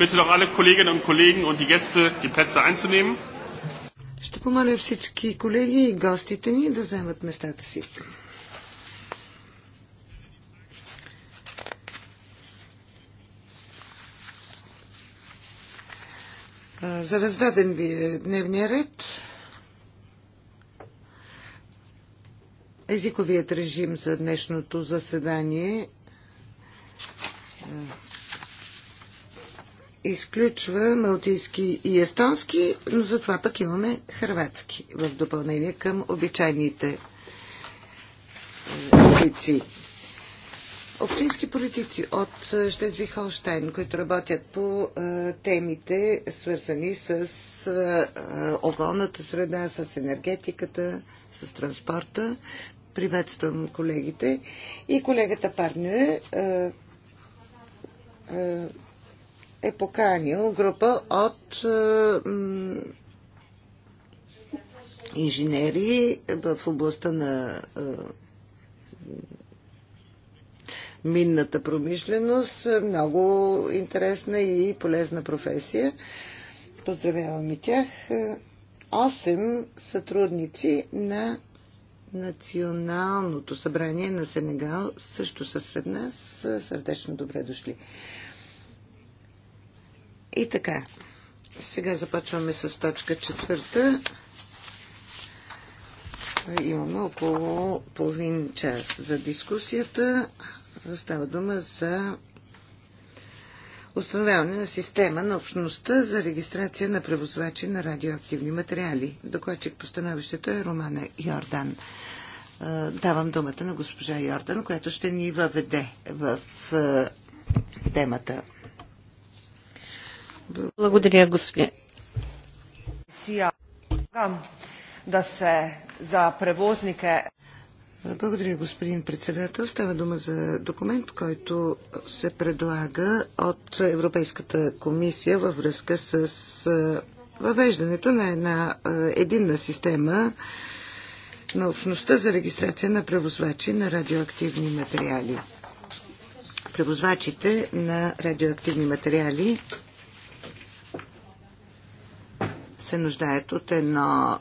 Bitte doch alle Kolleginnen und Kollegen und die Gäste, die Plätze einzunehmen. Ще помоля всички колеги и гостите ни да вземат местата си. За раздаден ви е дневния ред. Езиковият режим за днешното заседание изключва малтийски и естонски, но затова пък имаме хрватски в допълнение към обичайните е, езици. Общински политици от е, Штезвих Холштайн, които работят по е, темите, свързани с околната среда, с енергетиката, с транспорта. Приветствам колегите. И колегата Парнюе, е поканил група от е, инженери в областта на е, минната промишленост. Много интересна и полезна професия. Поздравявам и тях. Осем сътрудници на Националното събрание на Сенегал също са сред нас. Сърдечно добре дошли. И така, сега започваме с точка четвърта. Имаме около половин час за дискусията. Става дума за установяване на система на общността за регистрация на превозвачи на радиоактивни материали. Докладчик по становището е Романа Йордан. Давам думата на госпожа Йордан, която ще ни въведе в темата. Благодаря, господин. Благодаря, господин председател. Става дума за документ, който се предлага от Европейската комисия във връзка с въвеждането на една единна система на общността за регистрация на превозвачи на радиоактивни материали. Превозвачите на радиоактивни материали се нуждаят от едно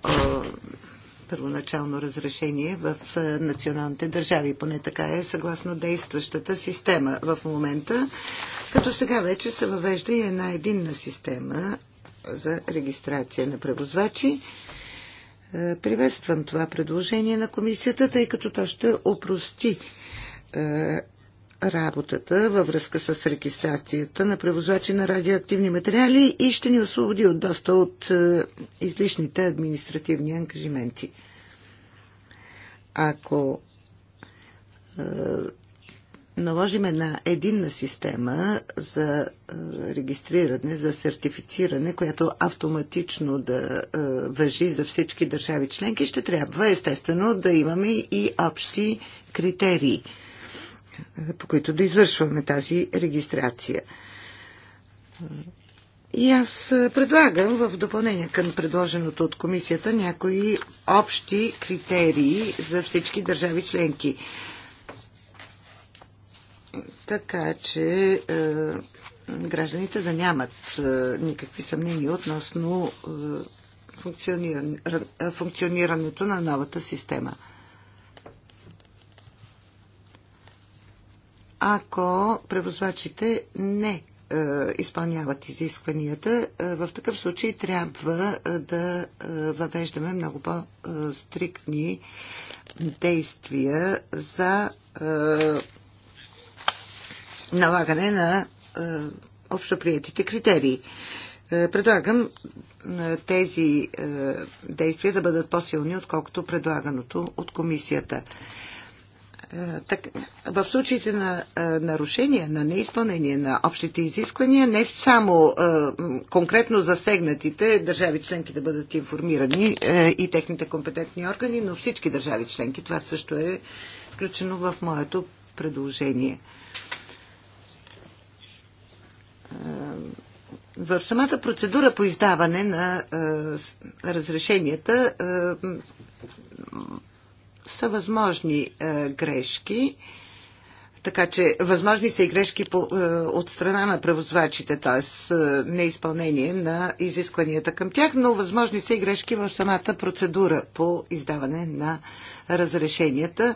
първоначално разрешение в националните държави. Поне така е съгласно действащата система в момента, като сега вече се въвежда и една единна система за регистрация на превозвачи. Приветствам това предложение на комисията, тъй като то ще опрости работата във връзка с регистрацията на превозвачи на радиоактивни материали и ще ни освободи от доста от е, излишните административни ангажименти. Ако е, наложим една единна система за е, регистриране, за сертифициране, която автоматично да е, въжи за всички държави членки, ще трябва естествено да имаме и общи критерии – по които да извършваме тази регистрация. И аз предлагам в допълнение към предложеното от комисията някои общи критерии за всички държави членки. Така че е, гражданите да нямат е, никакви съмнения относно е, функциониране, функционирането на новата система. ако превозвачите не е, изпълняват изискванията, е, в такъв случай трябва е, да е, въвеждаме много по-стриктни действия за е, налагане на е, общоприетите критерии. Е, предлагам е, тези е, действия да бъдат по-силни, отколкото предлаганото от комисията. Е, е, в случаите на е, нарушения, на неизпълнение на общите изисквания, не само е, конкретно засегнатите държави членки да бъдат информирани и техните компетентни органи, но всички държави членки. Това също е включено в моето предложение. В самата процедура по издаване на разрешенията са възможни е, грешки така че възможни са и грешки по, е, от страна на превозвачите, т.е. Е, неизпълнение на изискванията към тях, но възможни са и грешки в самата процедура по издаване на разрешенията.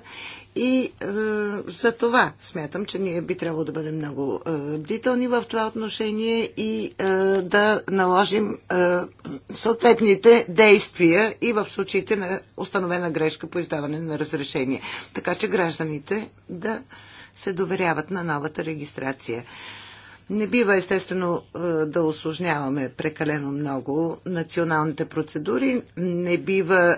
И е, за това смятам, че ние би трябвало да бъдем много е, бдителни в това отношение и е, да наложим е, съответните действия и в случаите на установена грешка по издаване на разрешение. Така че гражданите да се доверяват на новата регистрация. Не бива, естествено, е, да осложняваме прекалено много националните процедури. Не бива е,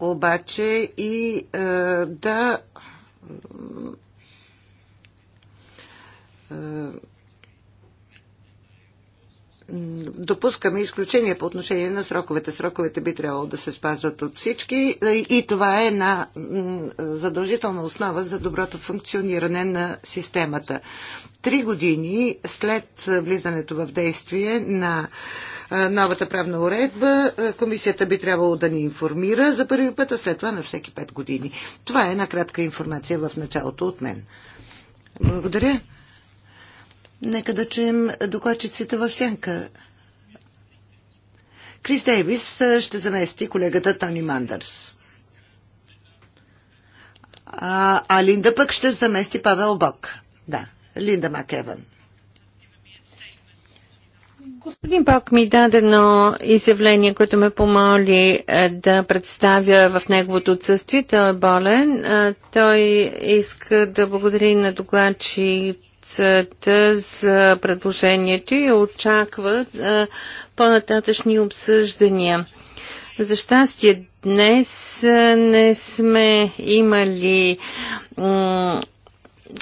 обаче и е, да е, допускаме изключения по отношение на сроковете. Сроковете би трябвало да се спазват от всички и това е една задължителна основа за доброто функциониране на системата. Три години след влизането в действие на новата правна уредба, комисията би трябвало да ни информира за първи път, а след това на всеки пет години. Това е една кратка информация в началото от мен. Благодаря. Нека да чуем докладчиците в сянка. Крис Дейвис ще замести колегата Тони Мандърс. А, а Линда пък ще замести Павел Бок. Да, Линда Макеван. Господин Бок, ми даде едно изявление, което ме помоли е, да представя в неговото отсъствие. Той е болен. Е, той иска да благодари на докладчик докладчицата за предложението и очакват по-нататъчни обсъждания. За щастие днес не сме имали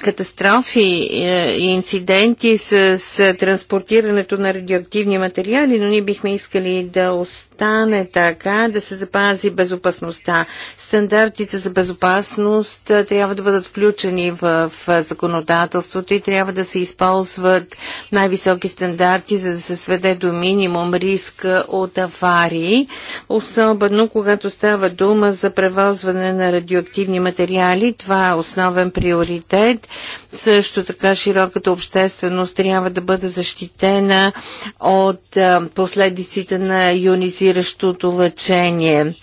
катастрофи е, и инциденти с, транспортирането на радиоактивни материали, но ние бихме искали да остане така, да се запази безопасността. Стандартите за безопасност е, трябва да бъдат включени в, законодателството и трябва да се използват най-високи стандарти, за да се сведе до минимум риск от аварии, особено когато става дума за превозване на радиоактивни материали. Това е основен приоритет интернет. Също така широката общественост трябва да бъде защитена от последиците на ионизиращото лъчение.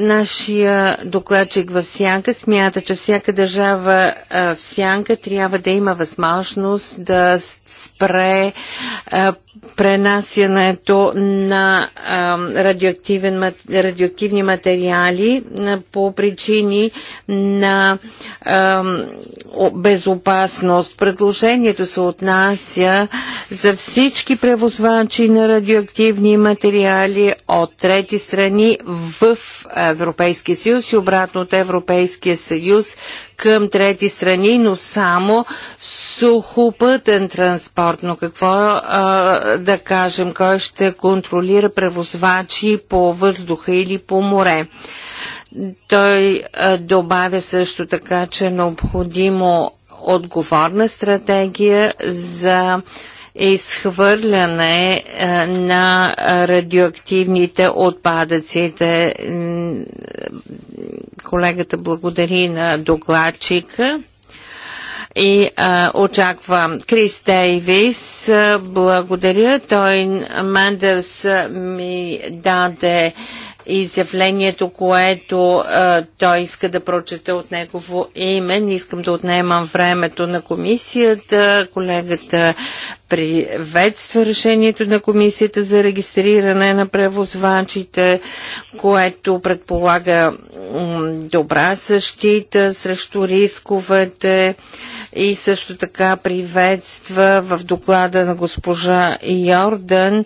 Нашия докладчик в Сянка смята, че всяка държава в Сянка трябва да има възможност да спре пренасянето на радиоактивни материали по причини на безопасност. Предложението се отнася за всички превозвачи на радиоактивни материали от трети страни в Европейския съюз и обратно от Европейския съюз към трети страни, но само сухопътен транспорт. Но какво а, да кажем, кой ще контролира превозвачи по въздуха или по море? Той а, добавя също така, че е необходимо отговорна стратегия за изхвърляне на радиоактивните отпадъците колегата благодари на докладчика и а, очаква Крис Дейвис. Благодаря. Той Мандърс ми даде изявлението, което а, той иска да прочета от негово име. Не искам да отнемам времето на комисията. Колегата приветства решението на комисията за регистриране на превозвачите, което предполага добра защита срещу рисковете и също така приветства в доклада на госпожа Йордан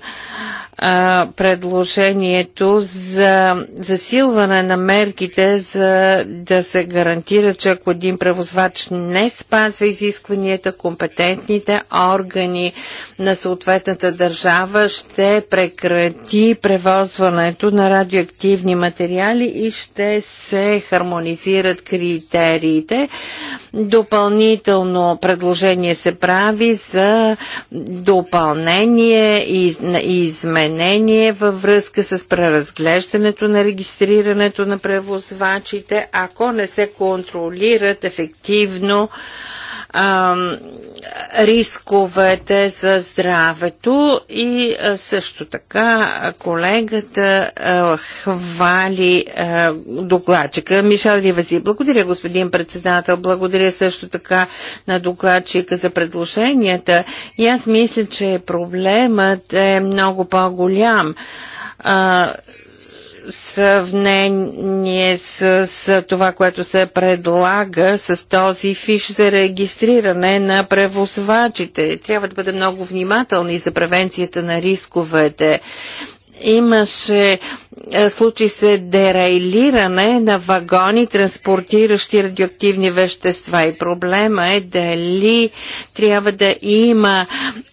а, предложението за засилване на мерките за да се гарантира, че ако един превозвач не спазва изискванията, компетентните органи на съответната държава ще прекрати превозването на радиоактивни материали и ще се хармонизират критериите. Допълнително допълнително предложение се прави за допълнение и изменение във връзка с преразглеждането на регистрирането на превозвачите, ако не се контролират ефективно рисковете за здравето и също така колегата а, хвали а, докладчика. Мишел Ривази, благодаря господин председател, благодаря също така на докладчика за предложенията и аз мисля, че проблемът е много по-голям сравнение с, с това, което се предлага с този фиш за регистриране на превозвачите. Трябва да бъдем много внимателни за превенцията на рисковете имаше е, случи се дерейлиране на вагони, транспортиращи радиоактивни вещества. И проблема е дали трябва да има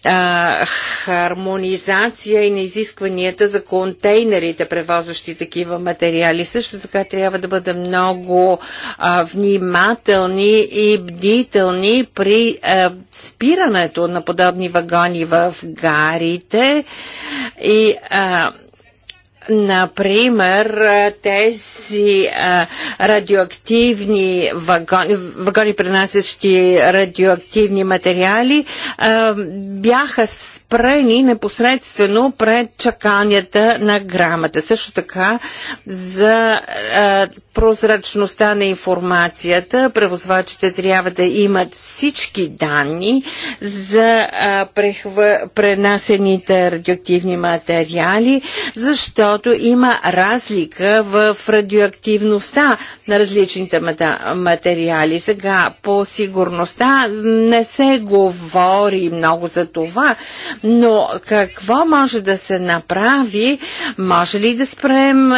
а, хармонизация и на изискванията за контейнерите, превозващи такива материали. Също така трябва да бъдем много а, внимателни и бдителни при а, спирането на подобни вагони в гарите и а, Например, тези а, радиоактивни вагони, вагони пренасящи радиоактивни материали, а, бяха спрени непосредствено пред чаканията на грамата. Също така за а, прозрачността на информацията. Превозвачите трябва да имат всички данни за а, прехва, пренасените радиоактивни материали, защо защото има разлика в радиоактивността на различните материали. Сега по сигурността не се говори много за това, но какво може да се направи? Може ли да спрем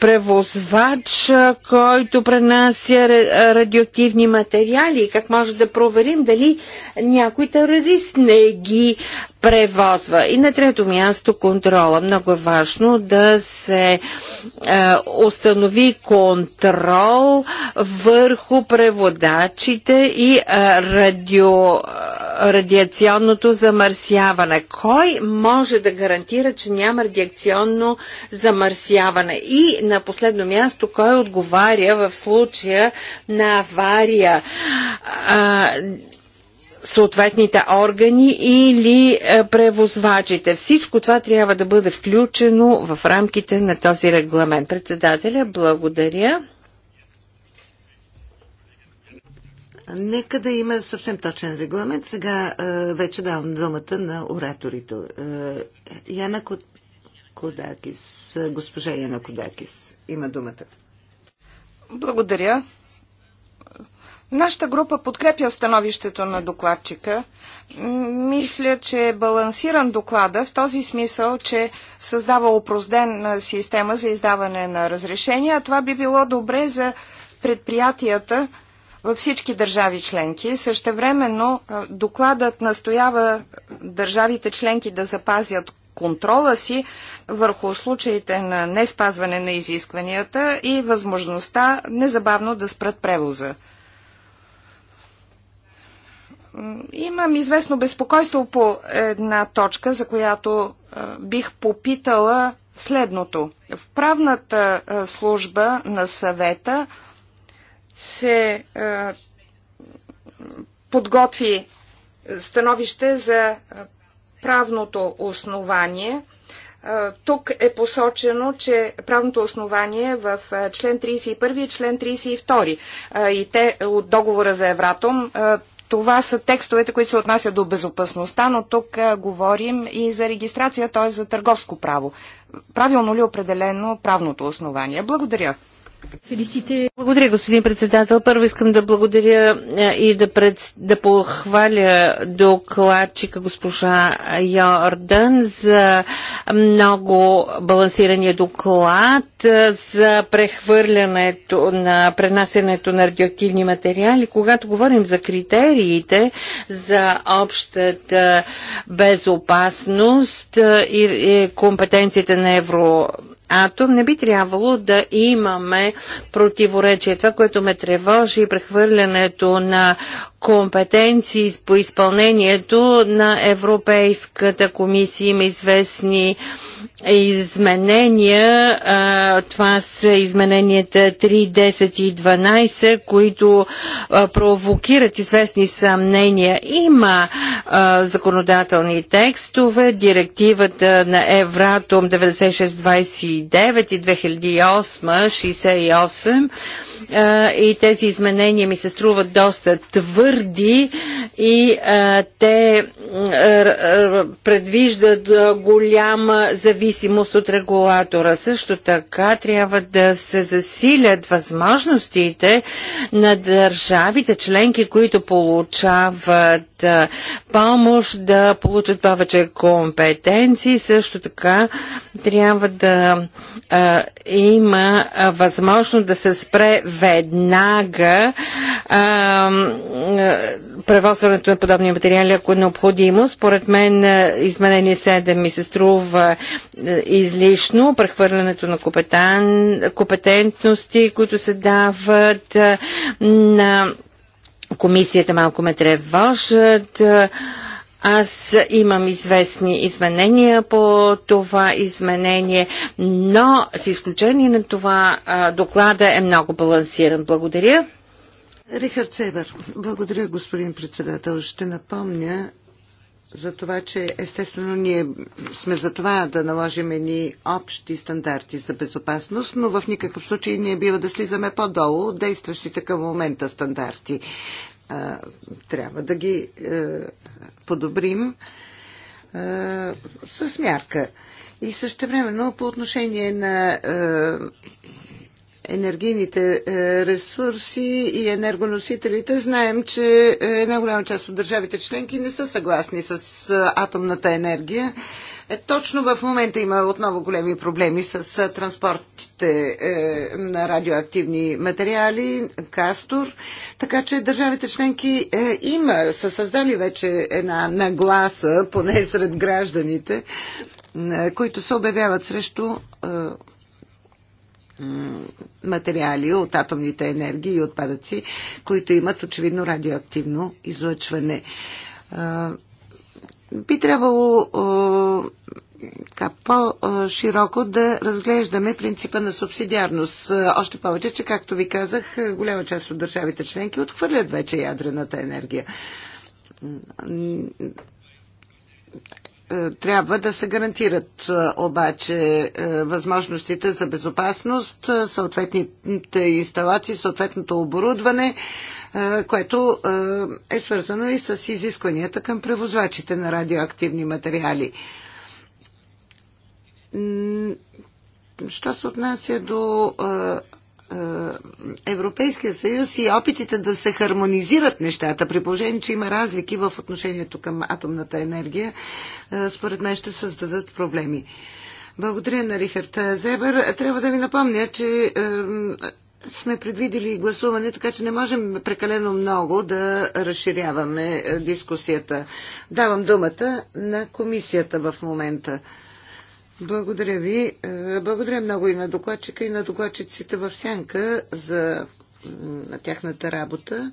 превозвач, който пренася радиоактивни материали? Как може да проверим дали някой терорист не ги превозва. И на трето място контрола. Много е важно да се е, установи контрол върху преводачите и е, радио, е, радиационното замърсяване. Кой може да гарантира, че няма радиационно замърсяване? И на последно място, кой отговаря в случая на авария? Е, съответните органи или е, превозвачите. Всичко това трябва да бъде включено в рамките на този регламент. Председателя, благодаря. Нека да има съвсем точен регламент. Сега е, вече давам думата на ораторите. Е, Яна Кодакис, госпожа Яна Кодакис, има думата. Благодаря. Нашата група подкрепя становището на докладчика. Мисля, че е балансиран доклада в този смисъл, че създава опроздена система за издаване на разрешения, това би било добре за предприятията във всички държави членки. Същевременно докладът настоява държавите членки да запазят контрола си върху случаите на неспазване на изискванията и възможността незабавно да спрат превоза. Имам известно безпокойство по една точка, за която бих попитала следното. В правната служба на съвета се подготви становище за правното основание. Тук е посочено, че правното основание е в член 31 и член 32 и те от договора за Евратом това са текстовете, които се отнасят до безопасността, но тук а, говорим и за регистрация, т.е. за търговско право. Правилно ли е определено правното основание? Благодаря. Фелисите. Благодаря, господин председател. Първо искам да благодаря е, и да, пред, да похваля докладчика госпожа Йордан за много балансирания доклад е, за прехвърлянето на пренасенето на радиоактивни материали. Когато говорим за критериите за общата безопасност е, и компетенцията на Европа, атом, не би трябвало да имаме противоречие. Това, което ме тревожи, е прехвърлянето на компетенции по изпълнението на Европейската комисия. Има известни изменения. Това са измененията 3, 10 и 12, които провокират известни съмнения. Има законодателни текстове, директивата на Евратом 9629 и 2008 68 и тези изменения ми се струват доста твърди и а, те а, предвиждат голяма зависимост от регулатора. Също така трябва да се засилят възможностите на държавите членки, които получават помощ, да получат повече компетенции. Също така трябва да а, има възможност да се спре веднага а, превозването на подобни материали, ако е необходимо. Според мен изменение 7 ми се струва излишно, прехвърлянето на компетентности, които се дават на комисията малко ме тревожат. Аз имам известни изменения по това изменение, но с изключение на това доклада е много балансиран. Благодаря. Рихард Себер, благодаря господин председател. Ще напомня за това, че естествено ние сме за това да наложим едни общи стандарти за безопасност, но в никакъв случай ние бива да слизаме по-долу от действащите към момента стандарти. Трябва да ги е, подобрим е, с мярка. И също времено по отношение на е, енергийните е, ресурси и енергоносителите, знаем, че е, една голяма част от държавите членки не са съгласни с е, атомната енергия. Точно в момента има отново големи проблеми с транспортите на радиоактивни материали, кастор, така че държавите членки има, са създали вече една нагласа, поне сред гражданите, които се обявяват срещу материали от атомните енергии и отпадъци, които имат очевидно радиоактивно излъчване. Би трябвало по-широко да разглеждаме принципа на субсидиарност. Още повече, че, както ви казах, голяма част от държавите членки отхвърлят вече ядрената енергия е, трябва да се гарантират е, обаче е, възможностите за безопасност, съответните инсталации, съответното оборудване, което е свързано и с изискванията към превозвачите на радиоактивни материали. Що се отнася до е, Европейския съюз и опитите да се хармонизират нещата, при положение, че има разлики в отношението към атомната енергия, е, според мен ще създадат проблеми. Благодаря на Рихард Зебър. Трябва да ви напомня, че е, сме предвидели гласуване, така че не можем прекалено много да разширяваме дискусията. Давам думата на комисията в момента. Благодаря ви. Е, благодаря много и на докладчика, и на докладчиците в Сянка за тяхната работа.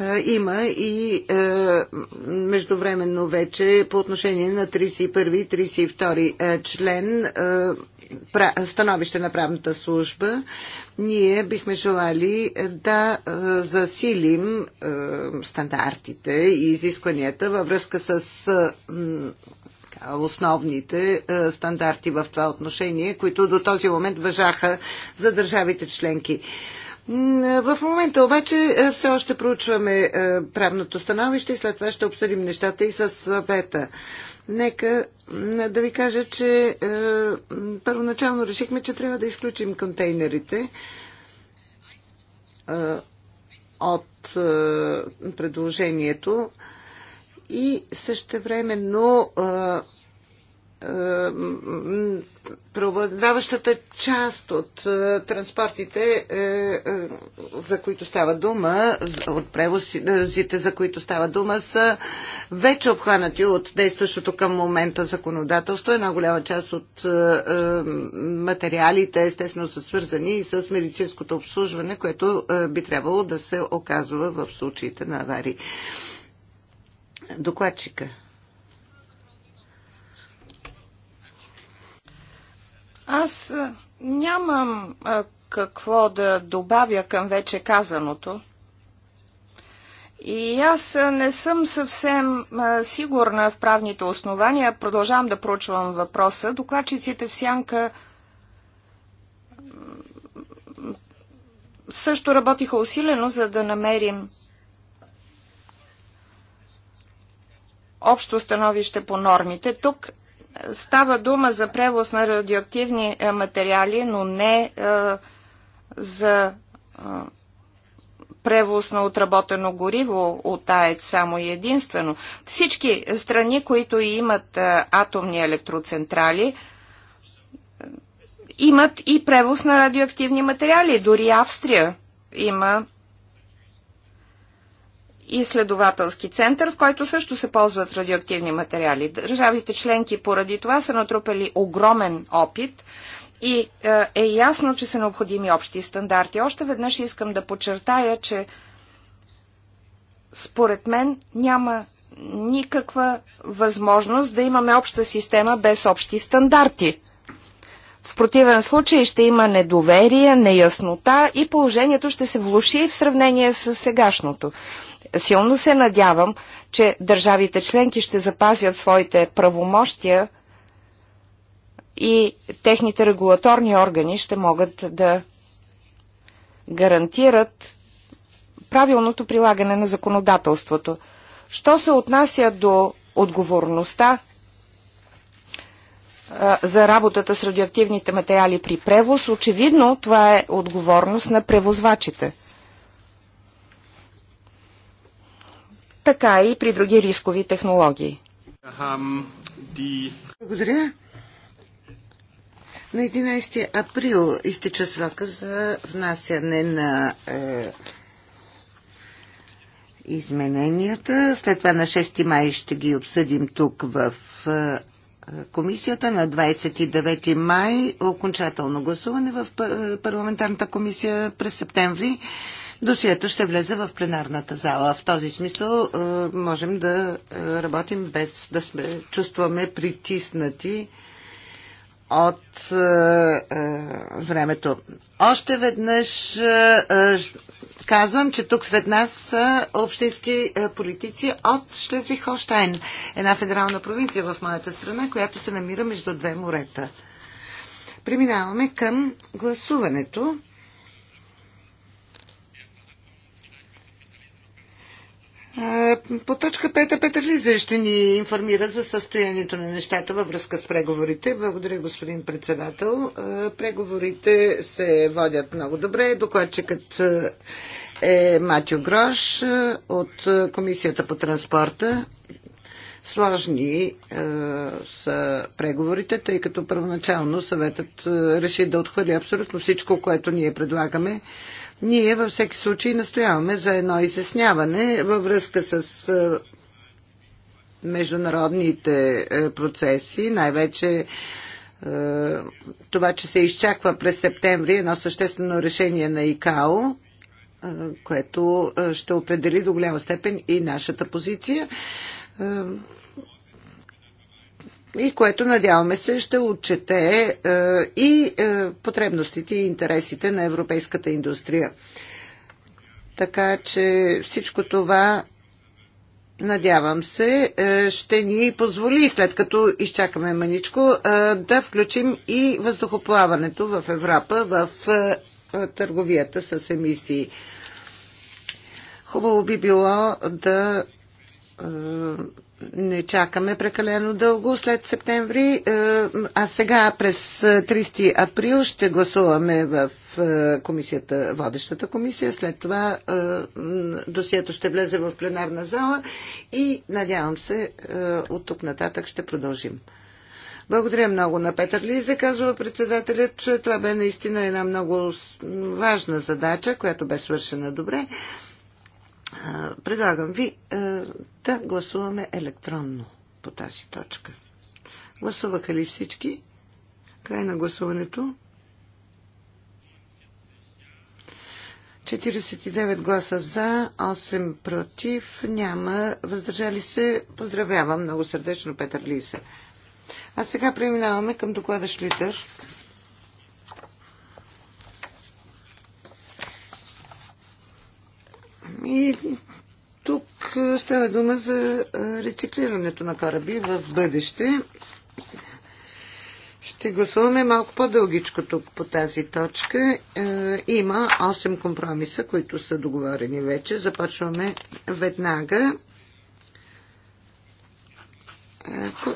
Е, има и е, междувременно вече по отношение на 31 и 32 член становище на правната служба. Ние бихме желали да засилим стандартите и изискванията във връзка с основните е, стандарти в това отношение, които до този момент въжаха за държавите членки. Е, в момента обаче е, все още проучваме правното становище и след това ще обсъдим нещата и с съвета. Нека да ви кажа, че първоначално решихме, че трябва да изключим контейнерите от предложението и същевременно времено. Е, преобладаващата част от е, транспортите, е, за които става дума, от превозите, за които става дума, са вече обхванати от действащото към момента законодателство. Една голяма част от материалите, естествено, са свързани и с медицинското обслужване, което би трябвало да се оказва в случаите на аварии. Докладчика. Аз нямам какво да добавя към вече казаното. И аз не съм съвсем сигурна в правните основания. Продължавам да проучвам въпроса. Докладчиците в Сянка също работиха усилено, за да намерим общо становище по нормите. Тук Става дума за превоз на радиоактивни е, материали, но не е, за е, превоз на отработено гориво от АЕЦ само и единствено. Всички страни, които имат атомни електроцентрали, имат и превоз на радиоактивни материали. Дори Австрия има изследователски център, в който също се ползват радиоактивни материали. Държавите членки поради това са натрупали огромен опит и е, е ясно, че са необходими общи стандарти. Още веднъж искам да подчертая, че според мен няма никаква възможност да имаме обща система без общи стандарти. В противен случай ще има недоверие, неяснота и положението ще се влуши в сравнение с сегашното. Силно се надявам, че държавите членки ще запазят своите правомощия и техните регулаторни органи ще могат да гарантират правилното прилагане на законодателството. Що се отнася до отговорността за работата с радиоактивните материали при превоз, очевидно това е отговорност на превозвачите – така и при други рискови технологии. Благодаря. На 11 април изтича срока за внасяне на е, измененията. След това на 6 май ще ги обсъдим тук в е, комисията. На 29 май окончателно гласуване в е, парламентарната комисия през септември досието ще влезе в пленарната зала. В този смисъл е, можем да е, работим без да сме, чувстваме притиснати от е, времето. Още веднъж казвам, че тук сред нас са общински политици от Шлезвих-Холштайн, една федерална провинция в моята страна, която се намира между две морета. Преминаваме към гласуването. По точка 5 Петър Лиза ще ни информира за състоянието на нещата във връзка с преговорите. Благодаря, господин председател. Преговорите се водят много добре. Докладчикът е Матю Грош от Комисията по транспорта. Сложни е, са преговорите, тъй като първоначално съветът реши да отхвърли абсолютно всичко, което ние предлагаме ние във всеки случай настояваме за едно изясняване във връзка с е, международните е, процеси, най-вече е, това, че се изчаква през септември едно съществено решение на ИКАО, което ще определи до голяма степен и нашата позиция и което надяваме се ще отчете е, и е, потребностите и интересите на европейската индустрия. Така че всичко това Надявам се, е, ще ни позволи, след като изчакаме маничко, да включим и въздухоплаването в Европа в търговията с емисии. Хубаво би било да не чакаме прекалено дълго след септември, е, а сега през 30 е, април ще гласуваме в е, комисията, водещата комисия. След това досието ще влезе в пленарна зала и надявам се от тук нататък ще продължим. Благодаря много на Петър Лизе, казва председателят. Това бе наистина една много важна задача, която бе свършена добре предлагам ви да гласуваме електронно по тази точка. Гласуваха ли всички? Край на гласуването. 49 гласа за, 8 против, няма въздържали се. Поздравявам много сърдечно Петър Лиса. А сега преминаваме към доклада Шлитър. И тук става дума за рециклирането на кораби в бъдеще. Ще гласуваме малко по-дългичко тук по тази точка. Има 8 компромиса, които са договорени вече. Започваме веднага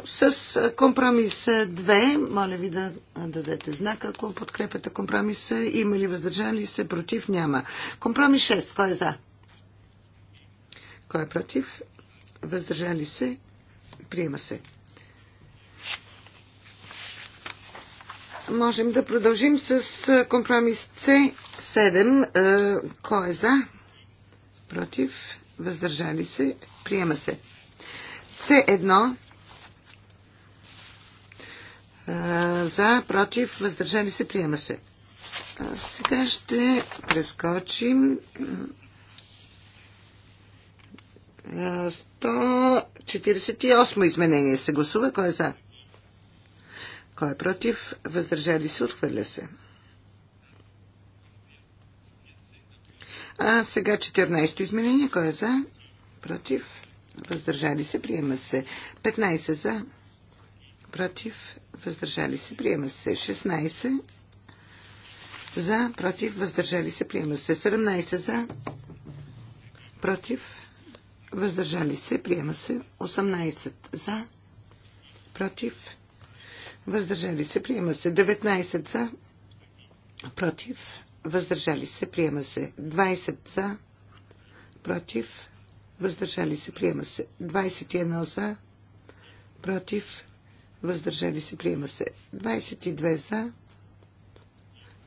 с компромис 2, моля ви да дадете знак, ако подкрепяте компромиса. Има ли въздържали се? Против няма. Компромис 6, кой е за? Кой е против? Въздържали се? Приема се. Можем да продължим с компромис С7. Кой е за? Против? Въздържали се? Приема се. С1. За, против, въздържали се, приема се. Сега ще прескочим 148 изменение се гласува. Кой е за? Кой е против? Въздържали се? Отхвърля се. А сега 14 изменение. Кой е за? Против? Въздържали се? Приема се. 15 за? Против? Въздържали се? Приема се. 16 за? Против? Въздържали се? Приема се. 17 за? Против? въздържали се, приема се 18 за, против, въздържали се, приема се 19 за, против, въздържали се, приема се 20 за, против, въздържали се, приема се 21 за, против, въздържали се, приема се 22 за,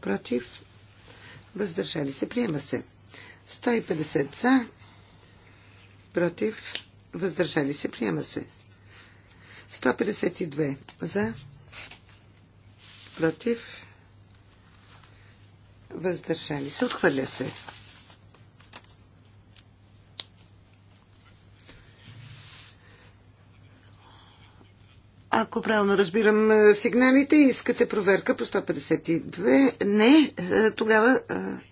против, въздържали се, приема се 150 за, против, въздържали се, приема се. 152 за, против, въздържали се, отхвърля се. Ако правилно разбирам е, сигналите, искате проверка по 152. Не, е, тогава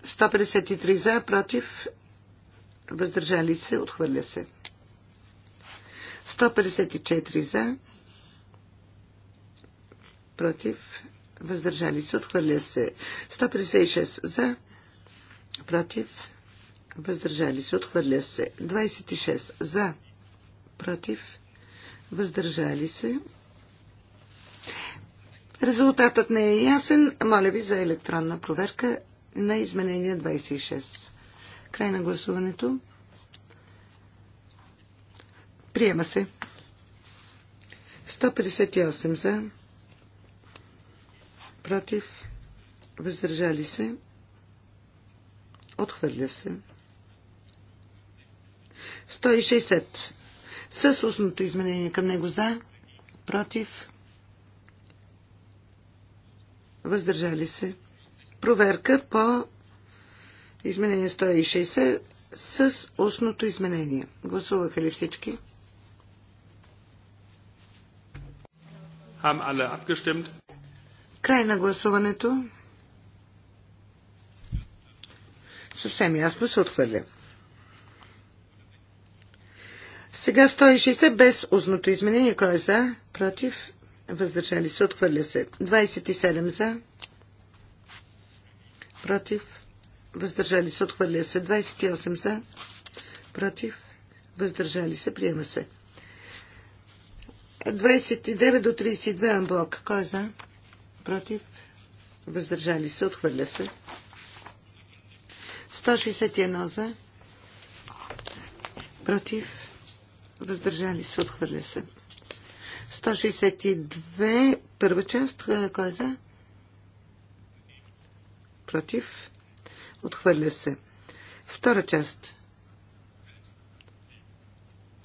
153 е, за, против, въздържали се, отхвърля се. 154 за, против, въздържали се, отхвърля се. 156 за, против, въздържали се, отхвърля се. 26 за, против, въздържали се. Резултатът не е ясен. Моля ви за електронна проверка на изменение 26. Край на гласуването. Приема се. 158 за. Против. Въздържали се. Отхвърля се. 160. С устното изменение към него за. Против. Въздържали се. Проверка по Изменение 160 с устното изменение. Гласуваха ли всички? Край на гласуването. Съвсем ясно се отхвърля. Сега 160 без устното изменение. Кой е за? Против? Въздържали се? Отхвърля се. 27 за? Против? въздържали се, отхвърля се. 28 за, против, въздържали се, приема се. 29 до 32 амблок. Кой е за? Против? Въздържали се, отхвърля се. 161 за. Против? Въздържали се, отхвърля се. 162, първа част, кой е за? Против? Отхвърля се. Втора част.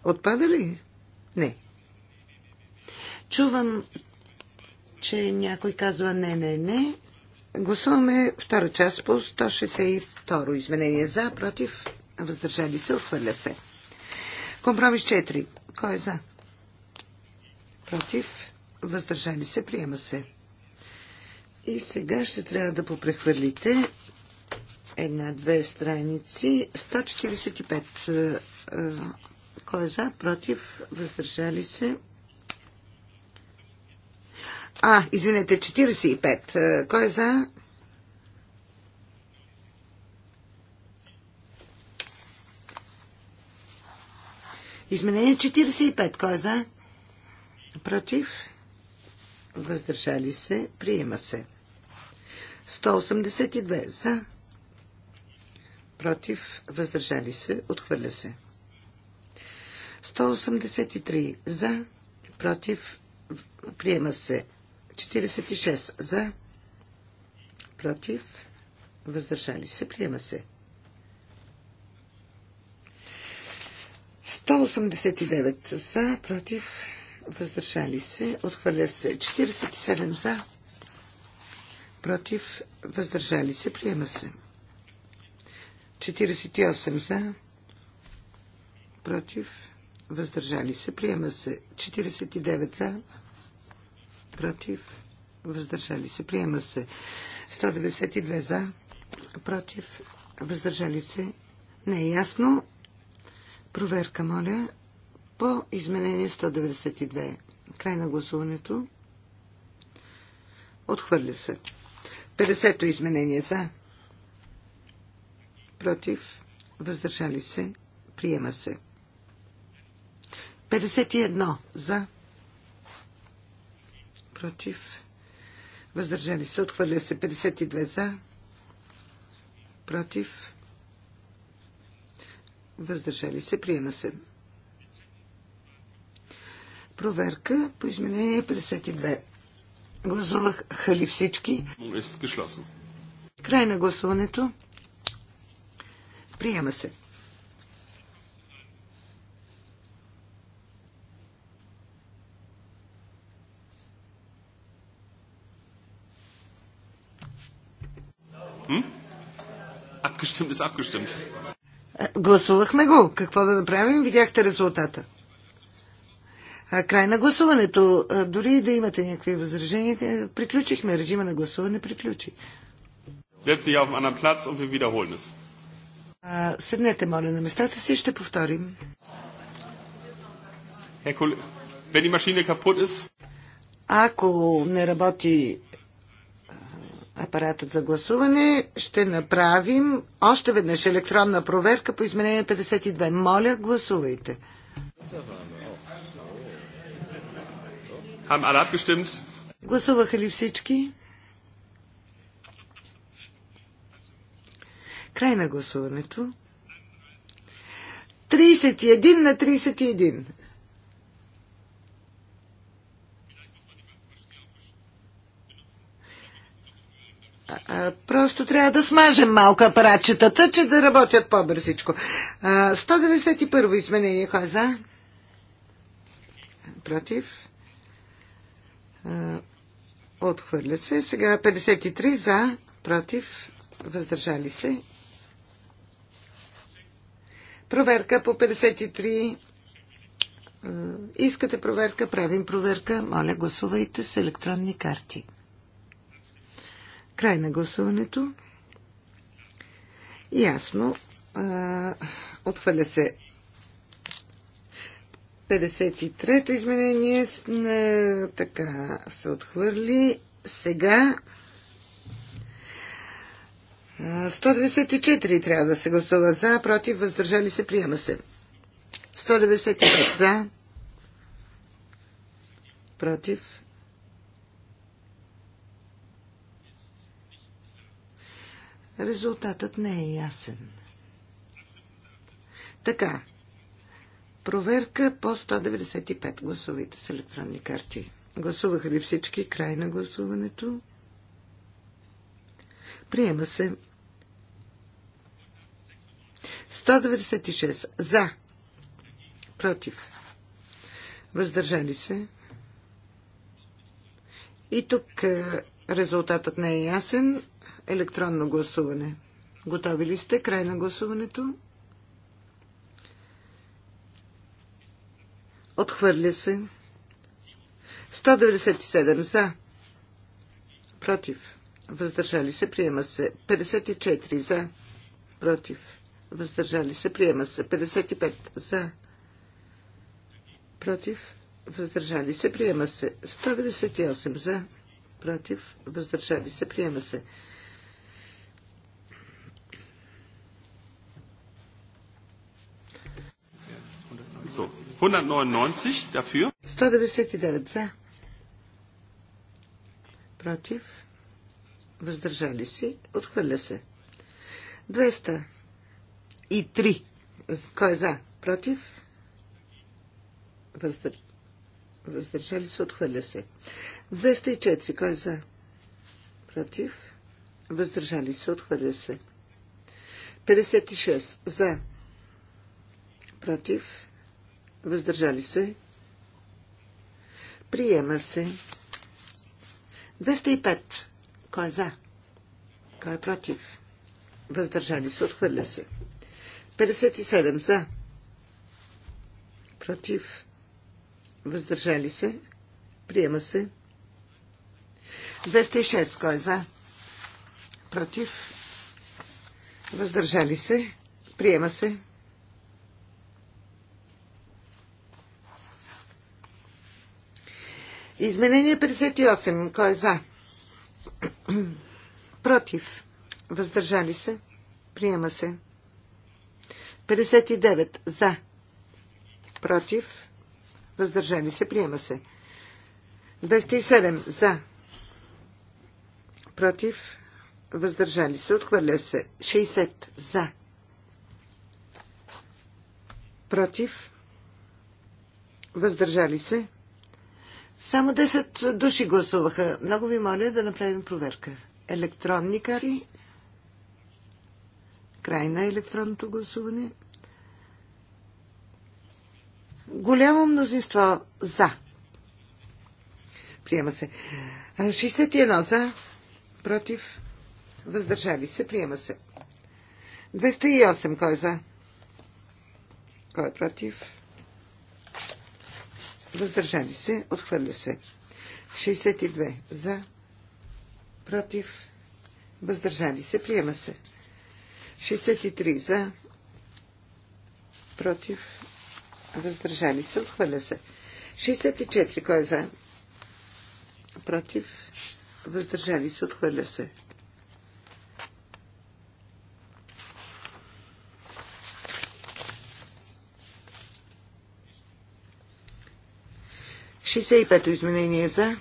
Отпада ли? Не. Чувам, че някой казва не, не, не. Гласуваме втора част по 162 изменение за, против, въздържали се, отхвърля се. Компромис 4. Кой е за? Против, въздържали се, приема се. И сега ще трябва да попрехвърлите една-две страници. 145. Е, е, кой е за, против, въздържали се? А, извинете, 45. Е, кой е за? Изменение 45. Кой е за? Против? Въздържали се. Приема се. 182. За против, въздържали се, отхвърля се. 183 за, против, приема се. 46 за, против, въздържали се, приема се. 189 за, против, въздържали се, отхвърля се. 47 за, против, въздържали се, приема се. 48 за, против, въздържали се. Приема се 49 за, против, въздържали се. Приема се 192 за, против, въздържали се. Не е ясно. Проверка, моля, по изменение 192. Край на гласуването. Отхвърля се. 50-то изменение за против, въздържали се, приема се. 51 за, против, въздържали се, отхвърля се 52 за, против, въздържали се, приема се. Проверка по изменение 52. Гласуваха ли всички? Край на гласуването. Приема се. Е, гласувахме го. Какво да направим? Видяхте резултата. А, край на гласуването. дори да имате някакви възражения, е, приключихме. Режима на гласуване приключи. Сетси я в einen anderen Platz und а, седнете, моля, на местата си, ще повторим. Ако не работи апаратът за гласуване, ще направим още веднъж електронна проверка по изменение 52. Моля, гласувайте. Гласуваха ли всички? Край на гласуването. 31 на 31. Просто трябва да смажем малко апаратчетата, че да работят по-бързичко. 191 изменение. Кой е за? Против? Отхвърля се. Сега 53 за, против, въздържали се, Проверка по 53. Е, искате проверка, правим проверка. Моля, гласувайте с електронни карти. Край на гласуването. Ясно. Е, отхвърля се 53-то изменение. Така се отхвърли. Сега 194 трябва да се гласува за, против, въздържали се, приема се. 195 за, против. Резултатът не е ясен. Така. Проверка по 195. Гласувайте с електронни карти. Гласуваха ли всички? Край на гласуването. Приема се. 196 за. Против. Въздържали се. И тук е, резултатът не е ясен. Електронно гласуване. Готови ли сте? Край на гласуването. Отхвърля се. 197 за. Против. Въздържали се. Приема се. 54 за. Против въздържали се, приема се. 55 за, против, въздържали се, приема се. 198 за, против, въздържали се, приема се. So, 199 199 за. Против. Въздържали се. Отхвърля се. 200 и 3. Кой е за? Против? Въздър... Въздържали се, отхвърля се. 204. Кой е за? Против? Въздържали се, отхвърля се. 56. За. Против? Въздържали се. Приема се. 205. Кой е за? Кой е против? Въздържали се, отхвърля се. 206. 57 за. Против. Въздържали се. Приема се. 206. Кой е за? Против. Въздържали се. Приема се. Изменение 58. Кой е за? Против. Въздържали се. Приема се. 59 за. Против. Въздържали се. Приема се. 207 за. Против. Въздържали се. Отхвърля се. 60 за. Против. Въздържали се. Само 10 души гласуваха. Много ви моля да направим проверка. Електронни кари. Край на електронното гласуване голямо мнозинство за. Приема се. 61 за, против, въздържали се, приема се. 208, кой е за? Кой е против? Въздържали се, отхвърля се. 62 за, против, въздържали се, приема се. 63 за, против, въздържали се, отхвърля се. 64, кой е за? Против, въздържали се, отхвърля се. 65 и пето изменение е за,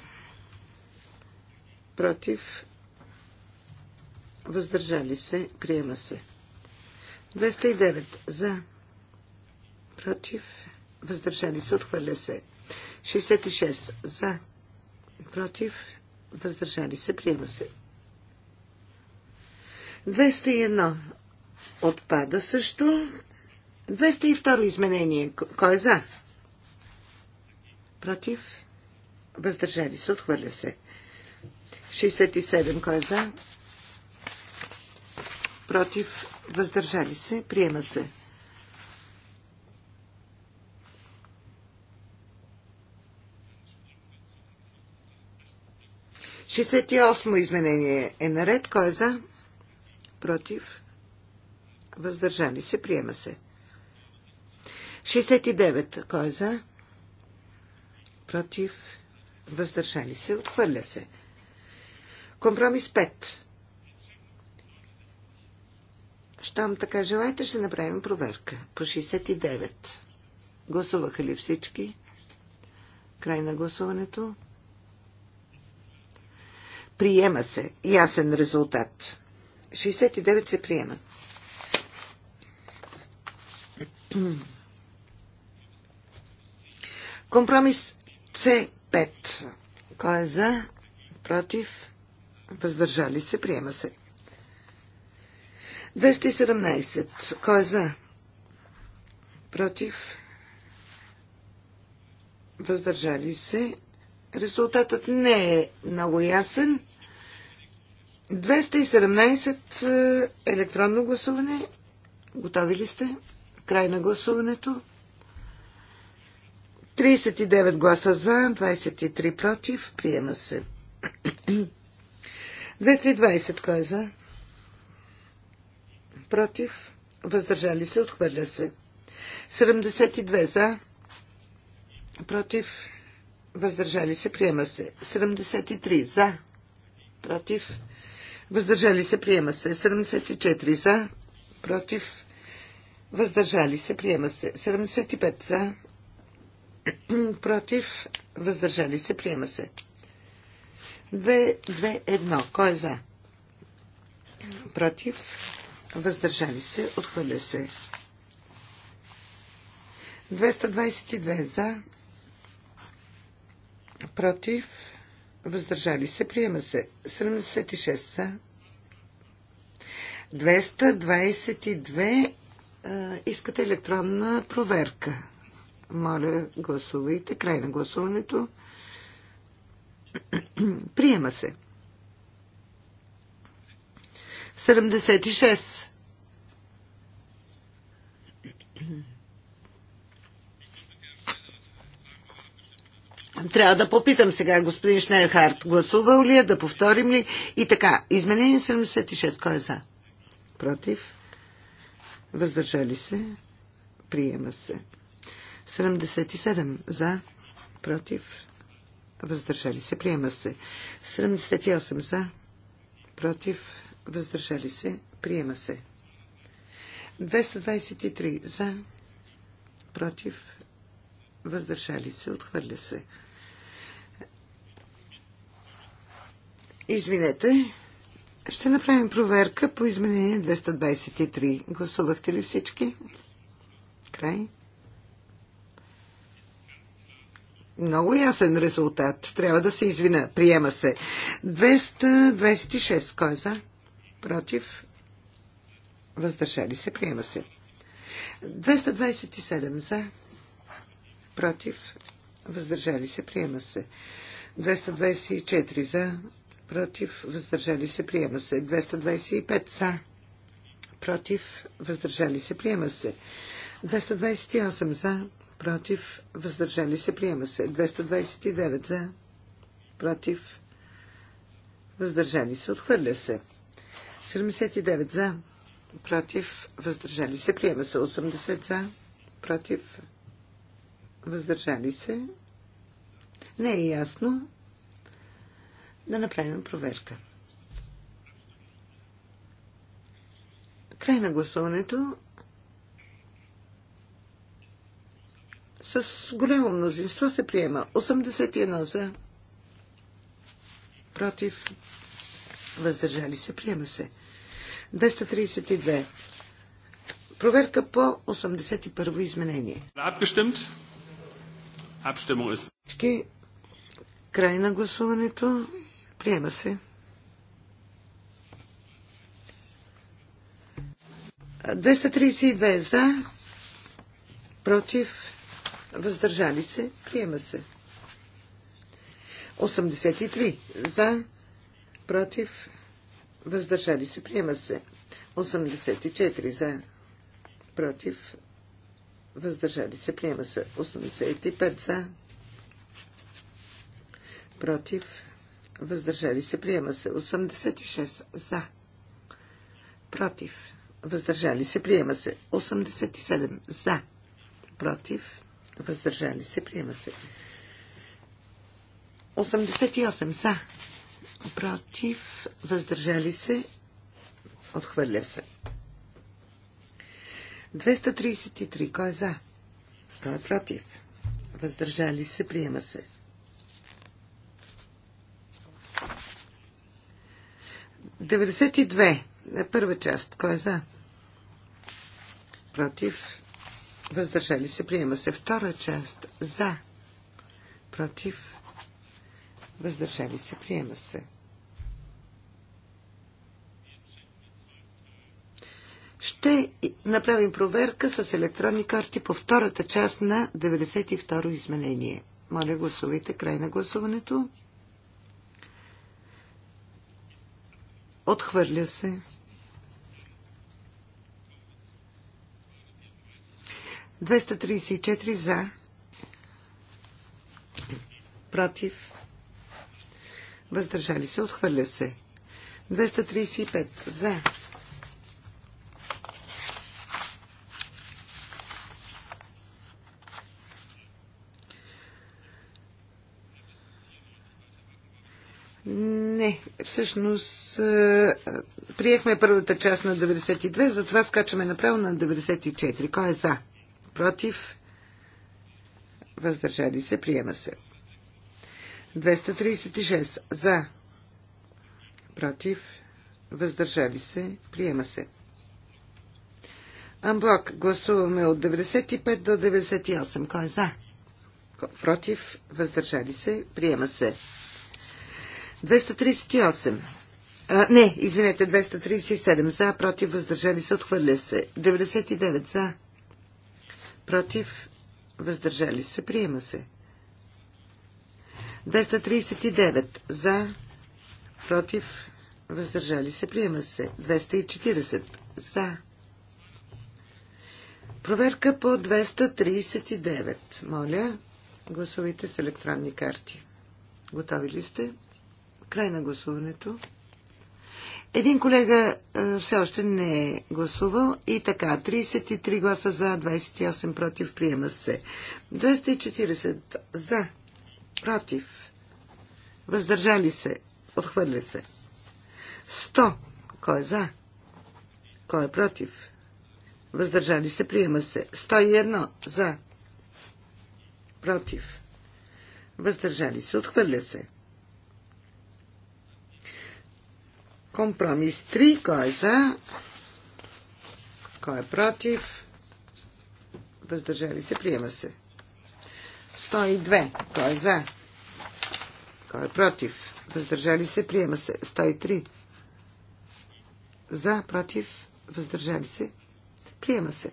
против, въздържали се, приема се. 209 за, против, въздържали се, отхвърля се. 66 за, против, въздържали се, приема се. 201 отпада също. 202 изменение. Кой е за? Против? Въздържали се, отхвърля се. 67. Кой е за? Против? Въздържали се, приема се. 68 изменение е наред. Кой е за? Против? Въздържани се. Приема се. 69. Кой е за? Против? Въздържали се. Отхвърля се. Компромис 5. Щом така желаете, ще направим проверка. По 69. Гласуваха ли всички? Край на гласуването. Приема се. Ясен резултат. 69 се приема. Компромис С5. Кой е за? Против? Въздържали се? Приема се. 217. Кой е за? Против? Въздържали се? Резултатът не е много ясен. 217 е, електронно гласуване. Готови ли сте? Край на гласуването. 39 гласа за, 23 против. Приема се. 220 кой е за? Против. Въздържали се. Отхвърля се. 72 за. Против. Въздържали се. Приема се. 73 за. Против Въздържали се, приема се. 74 за, против. Въздържали се, приема се. 75 за, против. Въздържали се, приема се. 2-2-1. Кой е за? Против. Въздържали се, отхвърля се. 222 за, против въздържали се, приема се. 76 са. 222 искате електронна проверка. Моля, гласувайте. Край на гласуването. Приема се. 76. Трябва да попитам сега господин Шнейхарт, гласувал ли е, да повторим ли и така. Изменение 76, кой е за? Против? Въздържали се? Приема се. 77 за? Против? Въздържали се? Приема се. 78 за? Против? Въздържали се? Приема се. 223 за? Против? Въздържали се? Отхвърля се. Извинете. Ще направим проверка по изменение 223. Гласувахте ли всички? Край. Много ясен резултат. Трябва да се извина. Приема се. 226. Кой е за? Против? Въздържали се. Приема се. 227 за. Против? Въздържали се. Приема се. 224 за против, въздържали се, приема се. 225 за, против, въздържали се, приема се. 228 за, против, въздържали се, приема се. 229 за, против, въздържали се, отхвърля се. 79 за, против, въздържали се, приема се. 80 за, против, въздържали се. Не е ясно да направим проверка. Край на гласуването с голямо мнозинство се приема. 81 за, против, въздържали се, приема се. 232. Проверка по 81 изменение. Abgestimmt. е... Край на гласуването. Приема се. 232 за, против, въздържали се, приема се. 83 за, против, въздържали се, приема се. 84 за, против, въздържали се, приема се. 85 за, против, въздържали се, приема се. 86 за, против, въздържали се, приема се. 87 за, против, въздържали се, приема се. 88 за, против, въздържали се, отхвърля се. 233. Кой е за? Кой е против? Въздържали се, приема се. 234. 92. Първа част. Кой е за? Против. Въздържали се. Приема се. Втора част. За. Против. Въздържали се. Приема се. Ще направим проверка с електронни карти по втората част на 92-ро изменение. Моля, гласувайте край на гласуването. Отхвърля се. 234 за. Против. Въздържали се. Отхвърля се. 235 за. Не, всъщност е, приехме първата част на 92, затова скачаме направо на 94. Кой е за? Против? Въздържали се, приема се. 236 за. Против? Въздържали се, приема се. Амблок, гласуваме от 95 до 98. Кой е за? Против? Въздържали се, приема се. 238. А, не, извинете, 237 за, против, въздържали се, отхвърля се. 99 за, против, въздържали се, приема се. 239 за, против, въздържали се, приема се. 240 за. Проверка по 239. Моля, гласувайте с електронни карти. Готови ли сте? Край на гласуването. Един колега е, все още не е гласувал и така 33 гласа за, 28 против, приема се. 240 за, против, въздържали се, отхвърля се. 100, кой е за, кой е против, въздържали се, приема се. 101 за, против, въздържали се, отхвърля се. Компромис 3. Кой е за? Кой е против? Въздържали се. Приема се. 102. Кой е за? Кой е против? Въздържали се. Приема се. 103. За, против, въздържали се. Приема се.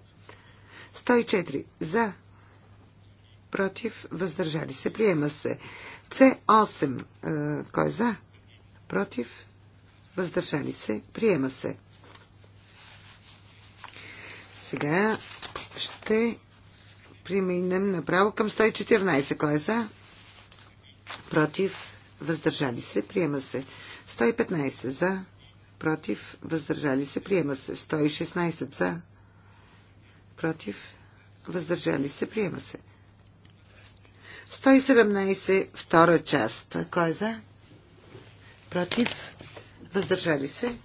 104. За, против, въздържали се. Приема се. С8. Е, кой е за? Против, въздържали се, приема се. Сега ще преминем направо към 114. Кой е за? Против, въздържали се, приема се. 115 за, против, въздържали се, приема се. 116 за, против, въздържали се, приема се. 117, втора част. Кой е за? Против, въздържали се.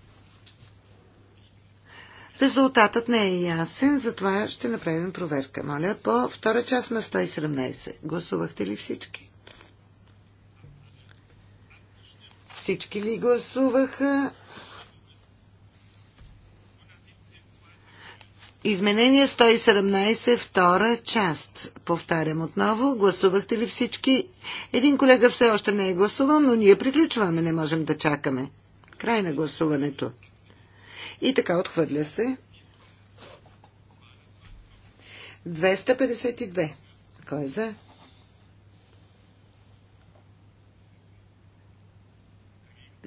Резултатът не е ясен, затова ще направим проверка. Моля, по втора част на 117. Гласувахте ли всички? Всички ли гласуваха? Изменение 117, втора част. Повтарям отново, гласувахте ли всички? Един колега все още не е гласувал, но ние приключваме, не можем да чакаме. Край на гласуването. И така отхвърля се. 252. Кой е за?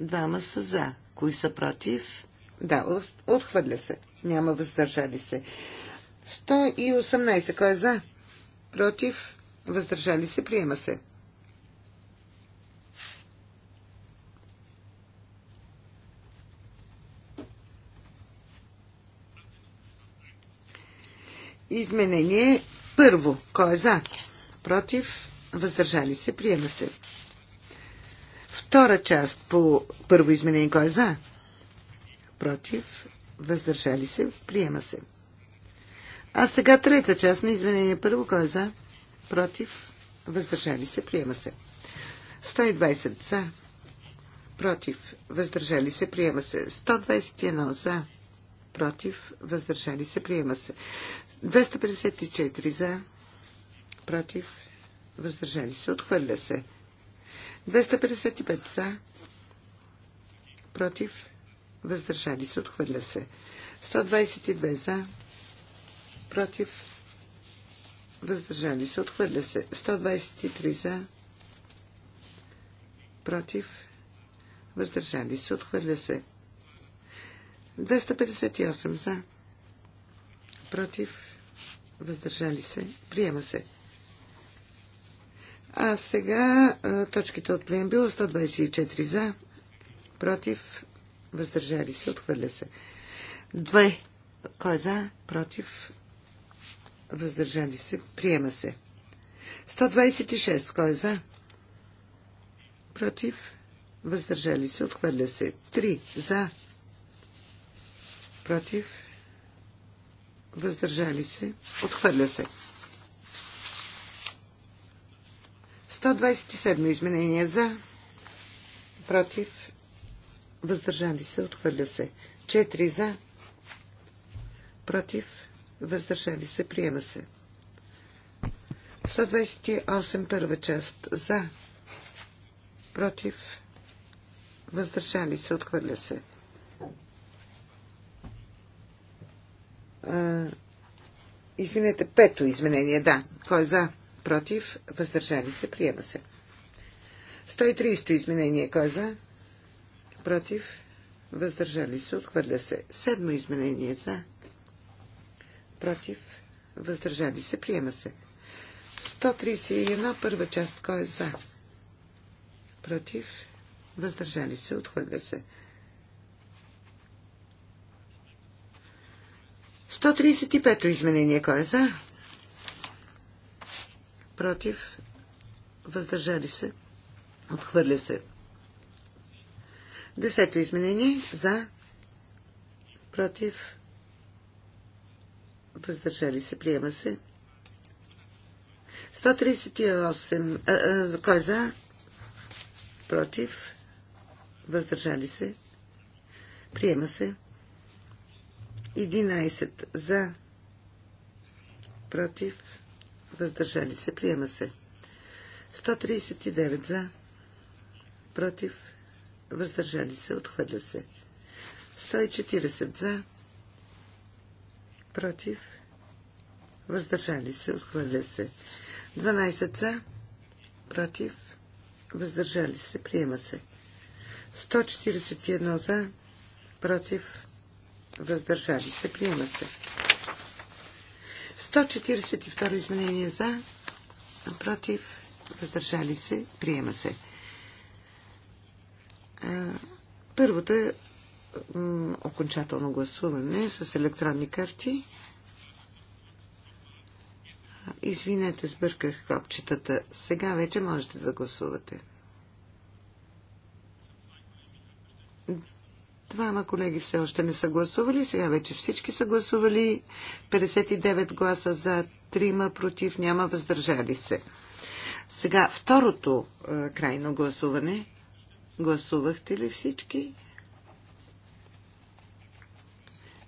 Двама са за. Кои са против? Да, отхвърля се. Няма въздържали се. 118. Кой е за? Против? Въздържали се? Приема се. Изменение първо. Кой е за? Против? Въздържали се? Приема се. Втора част по първо изменение. Кой е за? Против? Въздържали се? Приема се. А сега трета част на изменение първо. Кой е за? Против? Въздържали се? Приема се. 120 за. Против. Въздържали се. Приема се. 121 за. Против. Въздържали се. Приема се. 254 за, против, въздържали се, отхвърля се. 255 за, против, въздържали се, отхвърля се. 122 за, против, въздържали се, отхвърля се. 123 за, против, въздържали се, отхвърля се. 258 за, против, въздържали се, приема се. А сега точките от преембила 124 за, против, въздържали се, отхвърля се. Две. Кой е за, против, въздържали се, приема се. 126. Кой е за? Против, въздържали се, отхвърля се. 3. За, против, въздържали се, отхвърля се. 127 изменения за, против, въздържали се, отхвърля се. 4 за, против, въздържали се, приема се. 128 първа част за, против, въздържали се, отхвърля се. Извинете, пето изменение, да. Кой е за? Против? Въздържали се? Приема се. 130 изменение. Кой е за? Против? Въздържали се? Отхвърля се. Седмо изменение. За? Против? Въздържали се? Приема се. 131 първа част. Кой е за? Против? Въздържали се? Отхвърля се. 135-то изменение. Кой е за? Против. Въздържали се. Отхвърля се. Десето изменение. За. Против. Въздържали се. Приема се. 138. кой е за? Против. Въздържали се. Приема се. 11 за, против, въздържали се, приема се. 139 за, против, въздържали се, отхвърля се. 140 за, против, въздържали се, отхвърля се. 12 за, против, въздържали се, приема се. 141 за, против, въздържали се, приема се. 142 изменение за, против, въздържали се, приема се. Първото е окончателно гласуване с електронни карти. Извинете, сбърках копчетата. Сега вече можете да гласувате. Двама колеги все още не са гласували. Сега вече всички са гласували. 59 гласа за, 3 против, няма въздържали се. Сега второто е, крайно гласуване. Гласувахте ли всички?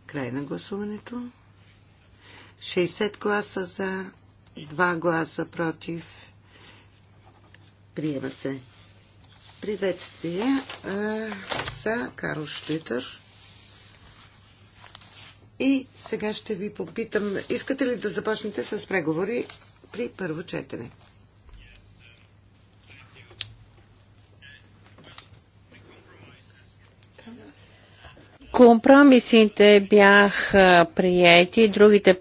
Край на гласуването. 60 гласа за, 2 гласа против. Приема се. Приветствие са Карл Штитър. И сега ще ви попитам, искате ли да започнете с преговори при първо четене? Компромисите бяха приети, другите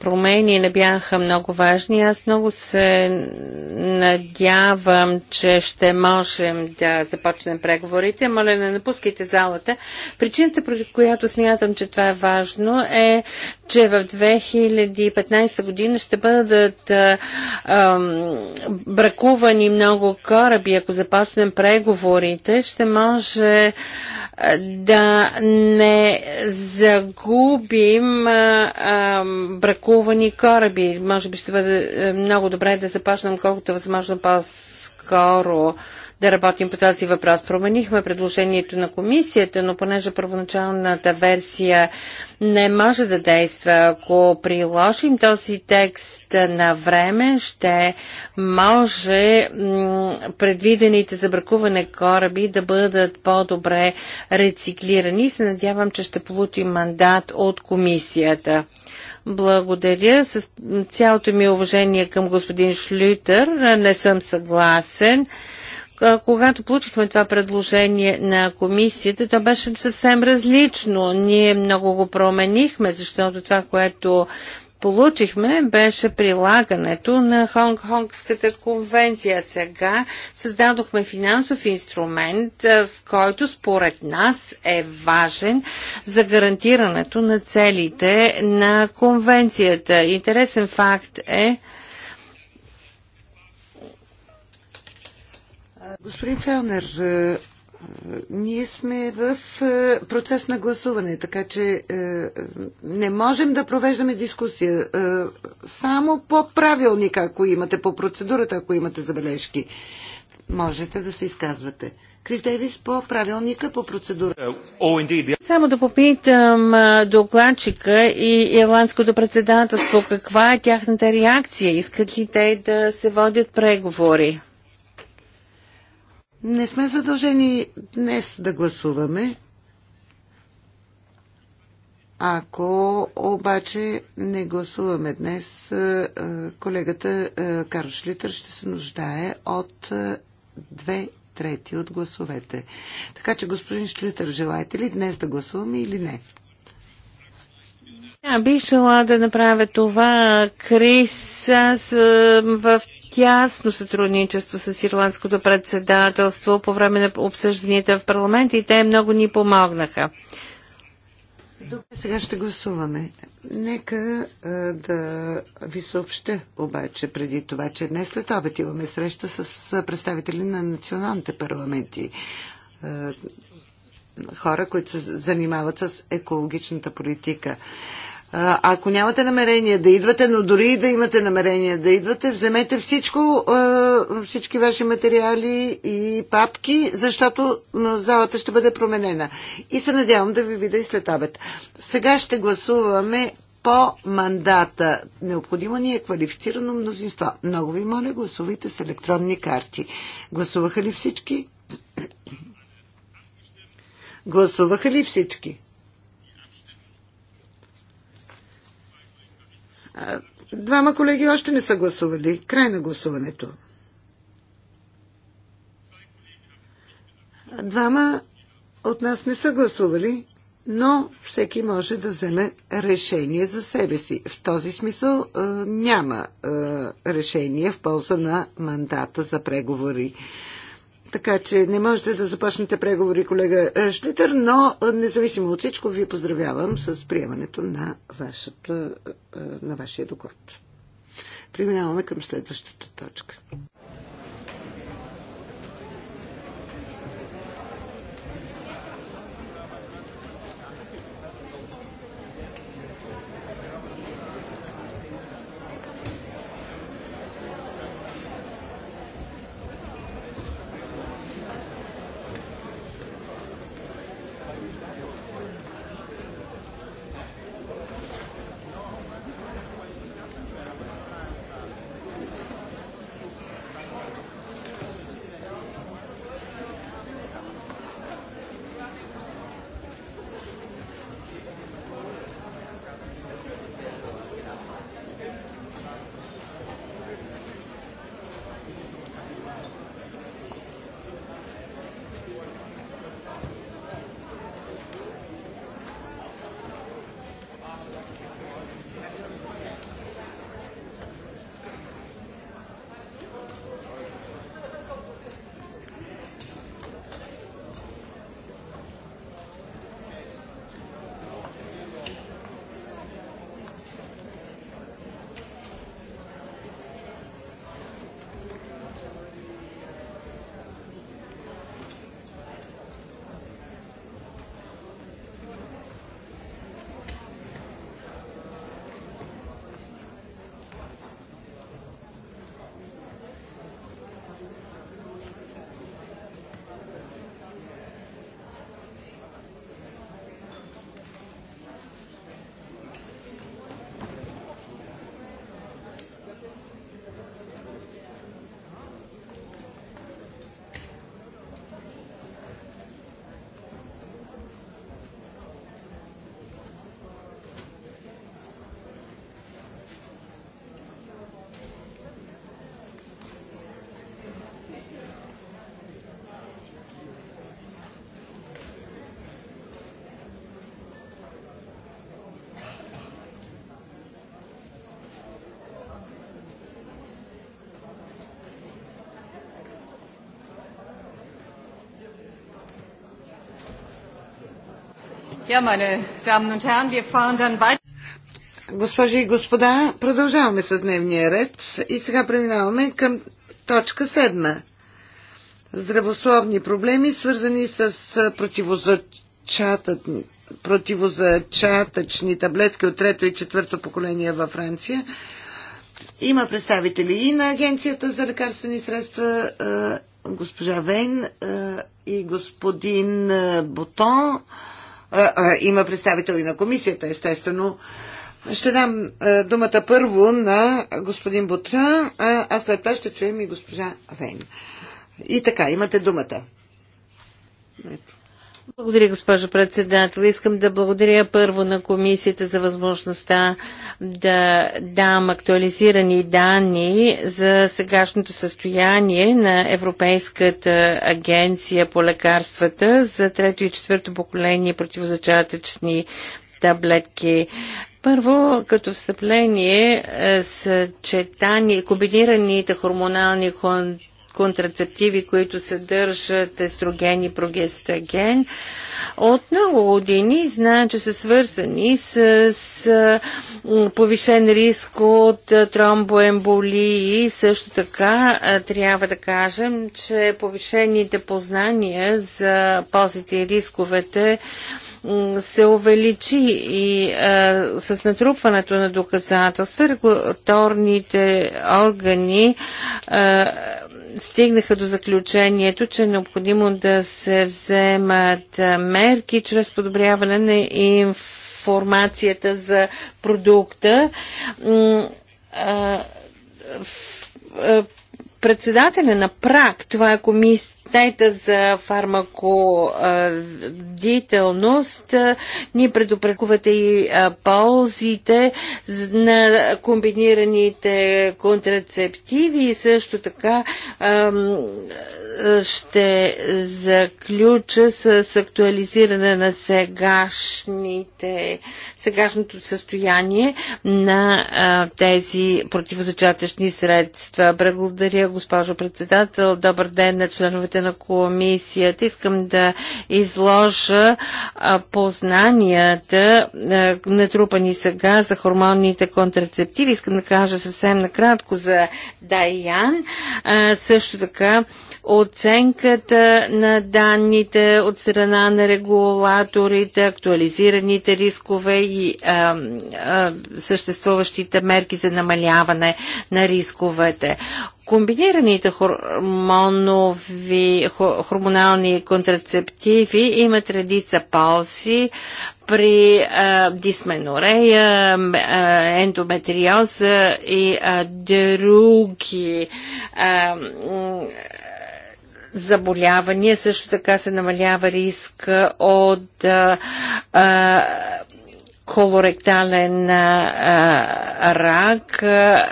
промени не бяха много важни. Аз много се надявам, че ще можем да започнем преговорите. Моля, не напускайте залата. Причината, при която смятам, че това е важно, е, че в 2015 година ще бъдат ам, бракувани много кораби. Ако започнем преговорите, ще може да не загубим а, а, бракувани кораби. Може би ще бъде е, много добре да започнем колкото е възможно по-скоро да работим по този въпрос. Променихме предложението на комисията, но понеже първоначалната версия не може да действа, ако приложим този текст на време, ще може предвидените за бракуване кораби да бъдат по-добре рециклирани. Се надявам, че ще получим мандат от комисията. Благодаря. С цялото ми уважение към господин Шлютер не съм съгласен когато получихме това предложение на комисията, то беше съвсем различно. Ние много го променихме, защото това, което получихме беше прилагането на Хонг-Хонгската конвенция. Сега създадохме финансов инструмент, с който според нас е важен за гарантирането на целите на конвенцията. Интересен факт е, Господин Фелнер, е, е, ние сме в е, процес на гласуване, така че не можем да провеждаме дискусия. Само по правилника, ако имате, по процедурата, ако имате забележки, можете да се изказвате. Крис Дейвис по правилника, по процедура. Само да попитам докладчика и ирландското председателство, каква е тяхната реакция? Искат ли те да се водят преговори? Не сме задължени днес да гласуваме. Ако обаче не гласуваме днес, е, е, колегата е, Карл Шлитър ще се нуждае от две трети от гласовете. Така че, господин Шлитър, желаете ли днес да гласуваме или не? бих желала да направя това. Крис, аз в тясно сътрудничество с Ирландското председателство по време на обсъжданията в парламент и те много ни помогнаха. Добре, сега ще гласуваме. Нека а, да ви съобща обаче преди това, че днес след обед имаме среща с представители на националните парламенти. А, хора, които се занимават с екологичната политика. Ако нямате намерение да идвате, но дори и да имате намерение да идвате, вземете всичко, всички ваши материали и папки, защото залата ще бъде променена. И се надявам да ви видя и след обед. Сега ще гласуваме по мандата. Необходимо ни е квалифицирано мнозинство. Много ви моля, гласувайте с електронни карти. Гласуваха ли всички? Гласуваха ли всички? Двама колеги още не са гласували. Край на гласуването. Двама от нас не са гласували, но всеки може да вземе решение за себе си. В този смисъл е, няма е, решение в полза на мандата за преговори. Така че не можете да започнете преговори, колега е, Шлитър, но е, независимо от всичко, ви поздравявам с приемането на, вашето, е, на вашия доклад. Преминаваме към следващата точка. Ja, meine Damen und Herren, wir fahren dann weiter. Госпожи и господа, продължаваме с дневния ред и сега преминаваме към точка седма. Здравословни проблеми, свързани с противозачатъчни таблетки от трето и четвърто поколение във Франция. Има представители и на Агенцията за лекарствени средства, госпожа Вейн и господин Бутон. Има представител и на комисията, естествено. Ще дам думата първо на господин Бутра, а след това ще чуем и госпожа Вейн. И така, имате думата. Ето. Благодаря, госпожо председател. Искам да благодаря първо на комисията за възможността да дам актуализирани данни за сегашното състояние на Европейската агенция по лекарствата за трето и четвърто поколение противозачатъчни таблетки. Първо, като встъпление, е, съчетани, комбинираните хормонални контакти контрацептиви, които съдържат естроген и прогестаген, от много години знаят, че са свързани с, с повишен риск от тромбоемболии. Също така трябва да кажем, че повишените познания за ползите и рисковете се увеличи и а, с натрупването на доказателства регуляторните органи а, стигнаха до заключението, че е необходимо да се вземат мерки чрез подобряване на информацията за продукта. Председателя на ПРАК, това е комисия патента за фармакодителност ни предупрекувате и ползите на комбинираните контрацептиви и също така ще заключа с актуализиране на сегашните, сегашното състояние на а, тези противозачатъчни средства. Благодаря, госпожо председател. Добър ден на членовете на на комисията. Искам да изложа познанията, натрупани сега за хормонните контрацептиви. Искам да кажа съвсем накратко за Дайян. Също така оценката на данните от страна на регулаторите, актуализираните рискове и а, а, съществуващите мерки за намаляване на рисковете. Комбинираните хормонови, хормонални контрацептиви имат редица палси при а, дисменорея, а, ендометриоза и а, други а, заболявания. Също така се намалява риск от а, колоректален а, рак а,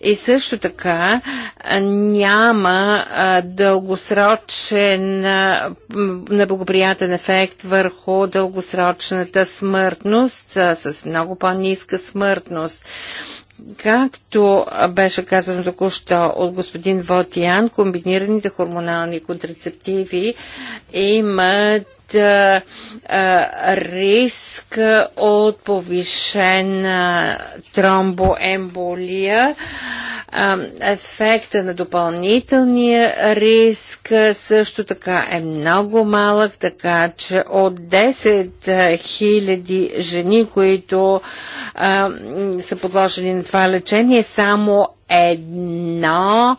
и също така а, няма а, дългосрочен а, неблагоприятен ефект върху дългосрочната смъртност а, с много по-ниска смъртност. Както беше казано току-що от господин Вотиян, комбинираните хормонални контрацептиви имат риск от повишена тромбоемболия ефекта на допълнителния риск също така е много малък, така че от 10 000 жени, които са подложени на това лечение, само едно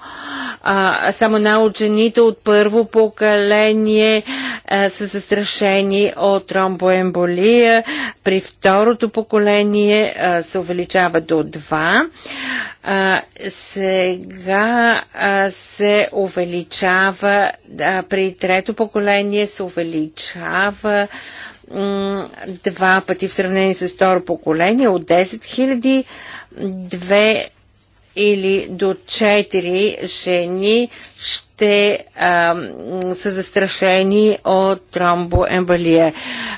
а, само на учените от първо поколение а, са застрашени от тромбоемболия. При второто поколение а, се увеличава до 2. А, сега а, се увеличава, а, при трето поколение се увеличава два пъти в сравнение с второ поколение от 10 000 две или до 4 жени ще а, са застрашени от тромбоембалия.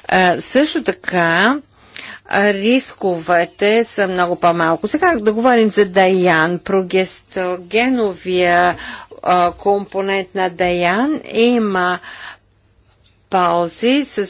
А, също така, рисковете са много по-малко. Сега да говорим за Даян, прогестогеновия компонент на Даян има ползи с,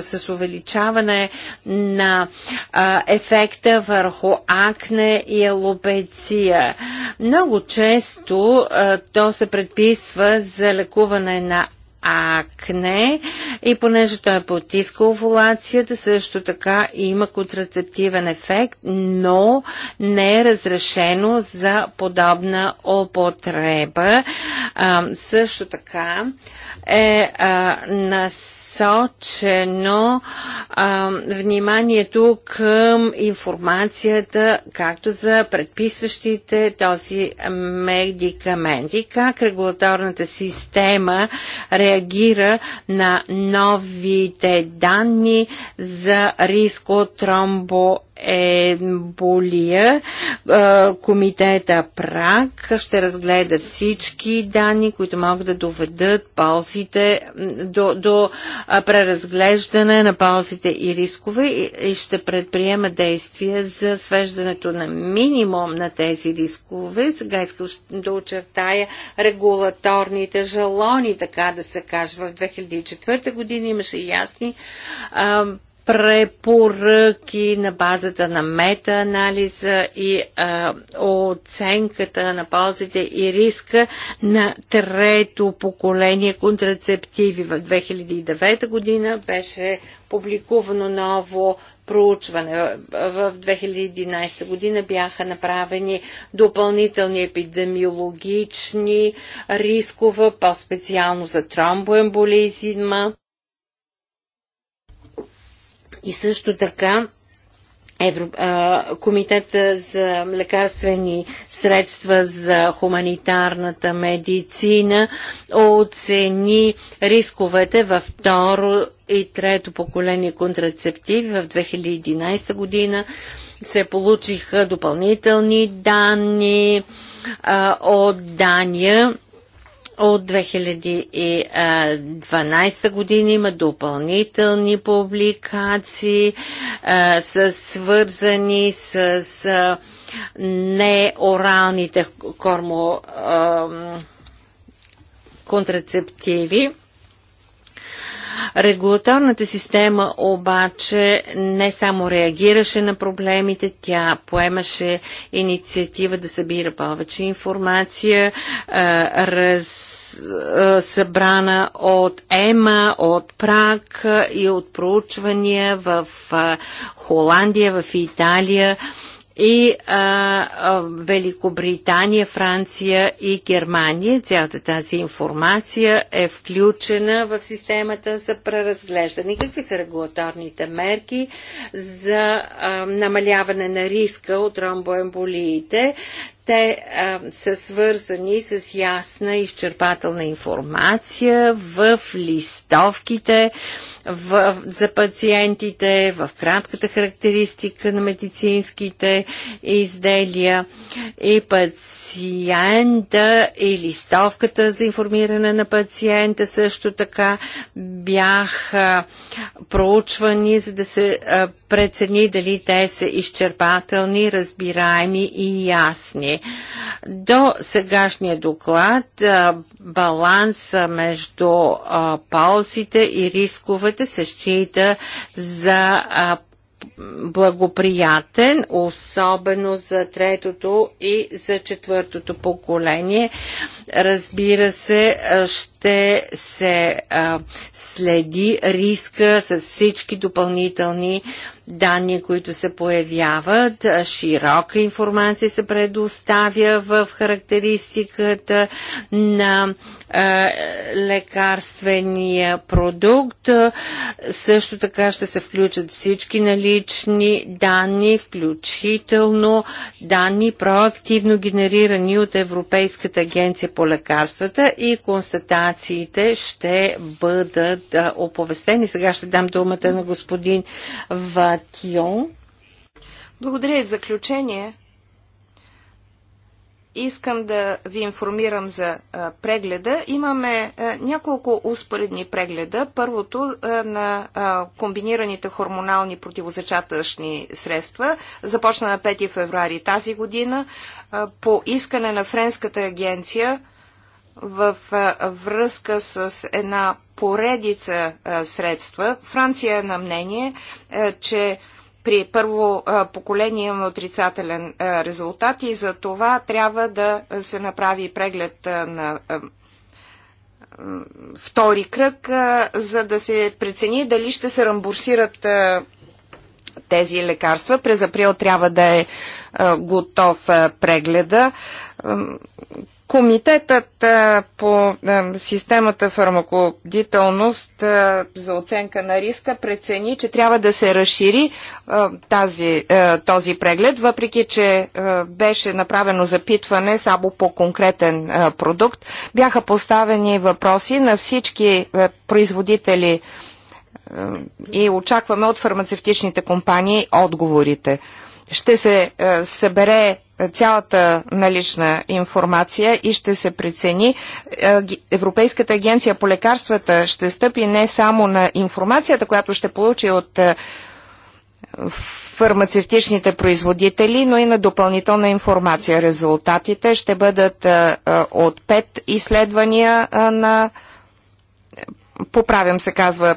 с увеличаване на а, ефекта върху акне и алопеция. Много често а, то се предписва за лекуване на акне и понеже той е потиска овулацията, също така има контрацептивен ефект, но не е разрешено за подобна употреба. А, също така е а, нас насочено а, вниманието към информацията, както за предписващите този медикамент и как регулаторната система реагира на новите данни за риск от тромбо емболия. Комитета ПРАК ще разгледа всички данни, които могат да доведат ползите до, до преразглеждане на ползите и рискове и ще предприема действия за свеждането на минимум на тези рискове. Сега искам да очертая регулаторните жалони, така да се каже. В 2004 година имаше ясни препоръки на базата на метаанализа и а, оценката на ползите и риска на трето поколение контрацептиви. В 2009 година беше публикувано ново проучване. В 2011 година бяха направени допълнителни епидемиологични рискове, по-специално за тромбоемболизма и също така Евро... Комитета за лекарствени средства за хуманитарната медицина оцени рисковете във второ и трето поколение контрацептиви в 2011 година. Се получиха допълнителни данни а, от Дания от 2012 година има допълнителни публикации, а, с, свързани с, а, неоралните кормо а, контрацептиви. Регулаторната система обаче не само реагираше на проблемите, тя поемаше инициатива да събира повече информация, раз събрана от ЕМА, от Прак и от проучвания в Холандия, в Италия и а, а, Великобритания, Франция и Германия. Цялата тази информация е включена в системата за преразглеждане. Какви са регулаторните мерки за а, намаляване на риска от ромбоемболиите? те а, са свързани с ясна изчерпателна информация в листовките в, за пациентите, в кратката характеристика на медицинските изделия и пациента и листовката за информиране на пациента също така бяха проучвани, за да се а, прецени дали те са изчерпателни, разбираеми и ясни. До сегашния доклад баланса между паузите и рисковете се счита за благоприятен, особено за третото и за четвъртото поколение. Разбира се, ще се следи риска с всички допълнителни данни, които се появяват, широка информация се предоставя в характеристиката на лекарствения продукт. Също така ще се включат всички налични данни, включително данни проактивно генерирани от Европейската агенция по лекарствата и констатациите ще бъдат оповестени. Сега ще дам думата на господин Ватин Матион. Благодаря и в заключение. Искам да ви информирам за а, прегледа. Имаме а, няколко успоредни прегледа. Първото а, на комбинираните хормонални противозачатъчни средства започна на 5 февруари тази година по искане на Френската агенция в връзка с една поредица средства. Франция е на мнение, че при първо поколение имаме отрицателен резултат и за това трябва да се направи преглед на втори кръг, за да се прецени дали ще се рамбурсират тези лекарства. През април трябва да е готов прегледа. Комитетът по системата фармакодителност за оценка на риска прецени, че трябва да се разшири тази, този преглед, въпреки че беше направено запитване само по конкретен продукт. Бяха поставени въпроси на всички производители и очакваме от фармацевтичните компании отговорите ще се е, събере е, цялата налична информация и ще се прецени. Е, Европейската агенция по лекарствата ще стъпи не само на информацията, която ще получи от фармацевтичните производители, но и на допълнителна информация. Резултатите ще бъдат от пет изследвания на поправям се казва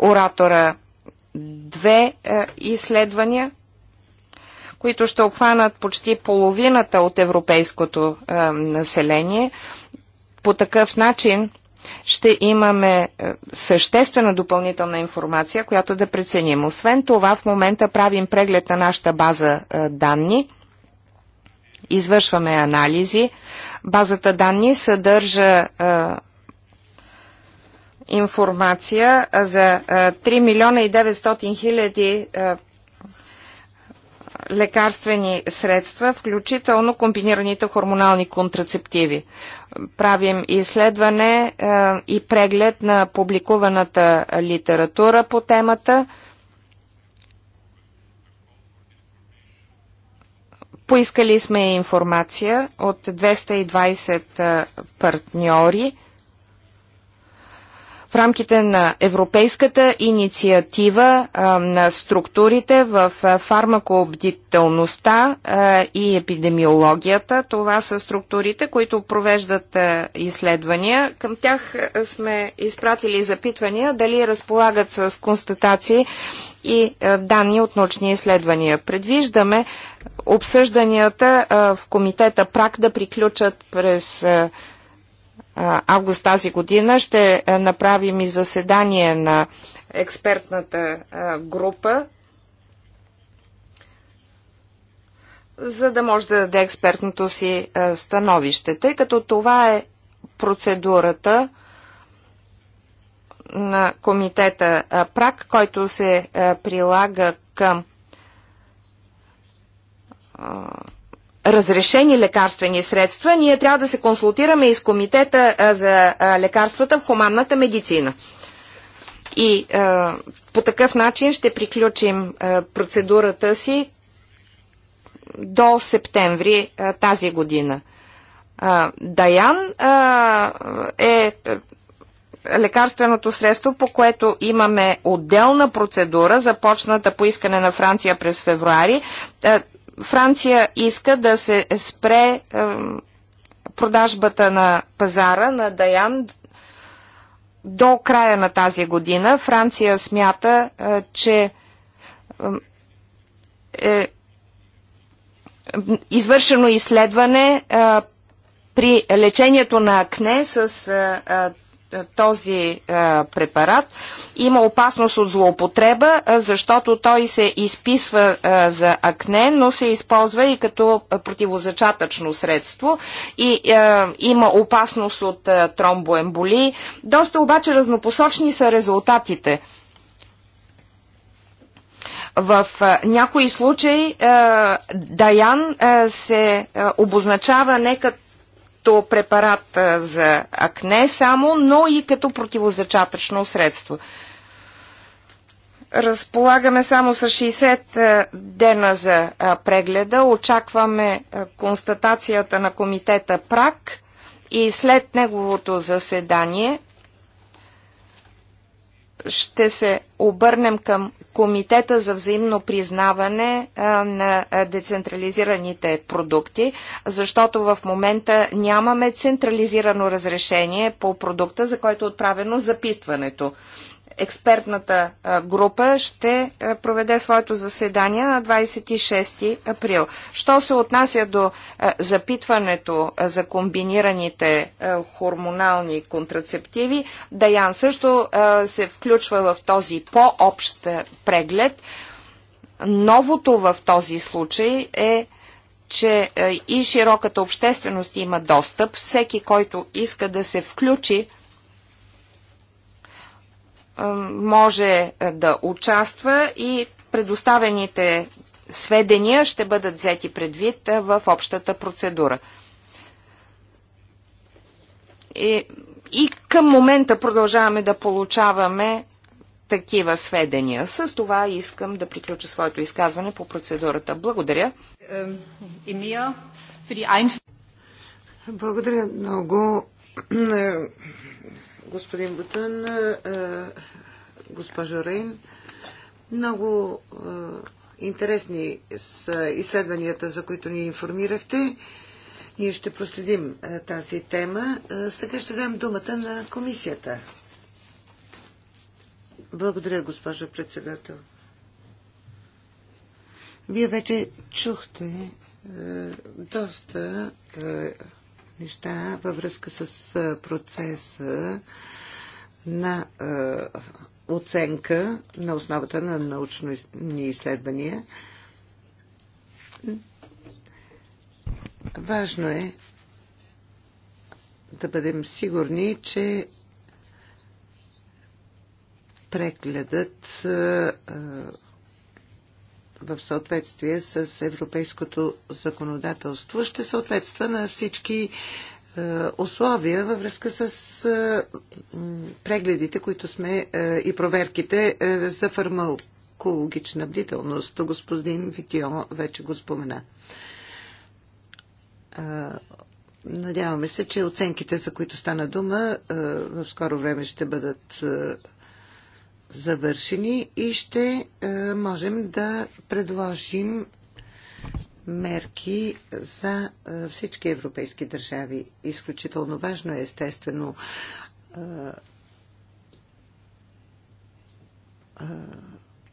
оратора две изследвания които ще обхванат почти половината от европейското е, население. По такъв начин ще имаме е, съществена допълнителна информация, която да преценим. Освен това, в момента правим преглед на нашата база е, данни извършваме анализи. Базата данни съдържа Е, информация за 3 е, милиона и 900 хиляди е, лекарствени средства, включително комбинираните хормонални контрацептиви. Правим изследване е, и преглед на публикуваната литература по темата. Поискали сме информация от 220 е, партньори – в рамките на европейската инициатива на структурите в фармакобдителността и епидемиологията. Това са структурите, които провеждат изследвания. Към тях сме изпратили запитвания дали разполагат с констатации и данни от научни изследвания. Предвиждаме обсъжданията в комитета ПРАК да приключат през август тази година ще направим и заседание на експертната група, за да може да даде експертното си становище, тъй като това е процедурата на комитета ПРАК, който се прилага към разрешени лекарствени средства, ние трябва да се консултираме и с Комитета за лекарствата в хуманната медицина. И а, по такъв начин ще приключим а, процедурата си до септември а, тази година. А, Даян а, е лекарственото средство, по което имаме отделна процедура, започната по искане на Франция през февруари. Франция иска да се спре продажбата на пазара на Даян до края на тази година. Франция смята, е, че е извършено изследване е, при лечението на акне с е, този е, препарат. Има опасност от злоупотреба, е, защото той се изписва е, за акне, но се използва и като противозачатъчно средство и има опасност от тромбоемболии. Доста обаче разнопосочни са резултатите. В някои случаи Даян се обозначава не като като препарат за акне само, но и като противозачатъчно средство. Разполагаме само с 60 дена за прегледа. Очакваме констатацията на комитета ПРАК и след неговото заседание ще се обърнем към Комитета за взаимно признаване на децентрализираните продукти, защото в момента нямаме централизирано разрешение по продукта, за който е отправено запитването експертната група ще проведе своето заседание на 26 април. Що се отнася до запитването за комбинираните хормонални контрацептиви, Даян също се включва в този по-общ преглед. Новото в този случай е че и широката общественост има достъп. Всеки, който иска да се включи може е, да участва и предоставените сведения ще бъдат взети предвид е, в общата процедура. И, и към момента продължаваме да получаваме такива сведения. С това искам да приключа своето изказване по процедурата. Благодаря. Е, Благодаря много господин Бутън, госпожо Рейн. Много интересни са изследванията, за които ни информирахте. Ние ще проследим тази тема. Сега ще дам думата на комисията. Благодаря, госпожо председател. Вие вече чухте е, доста е, неща във връзка с процеса на оценка на основата на научни изследвания. Важно е да бъдем сигурни, че прегледът в съответствие с европейското законодателство ще съответства на всички е, условия във връзка с е, прегледите, които сме е, и проверките за фармакологична бдителност. Господин Витио вече го спомена. Надяваме се, че оценките, за които стана дума, в скоро време ще бъдат завършени и ще е, можем да предложим мерки за е, всички европейски държави. Изключително важно е, естествено, е,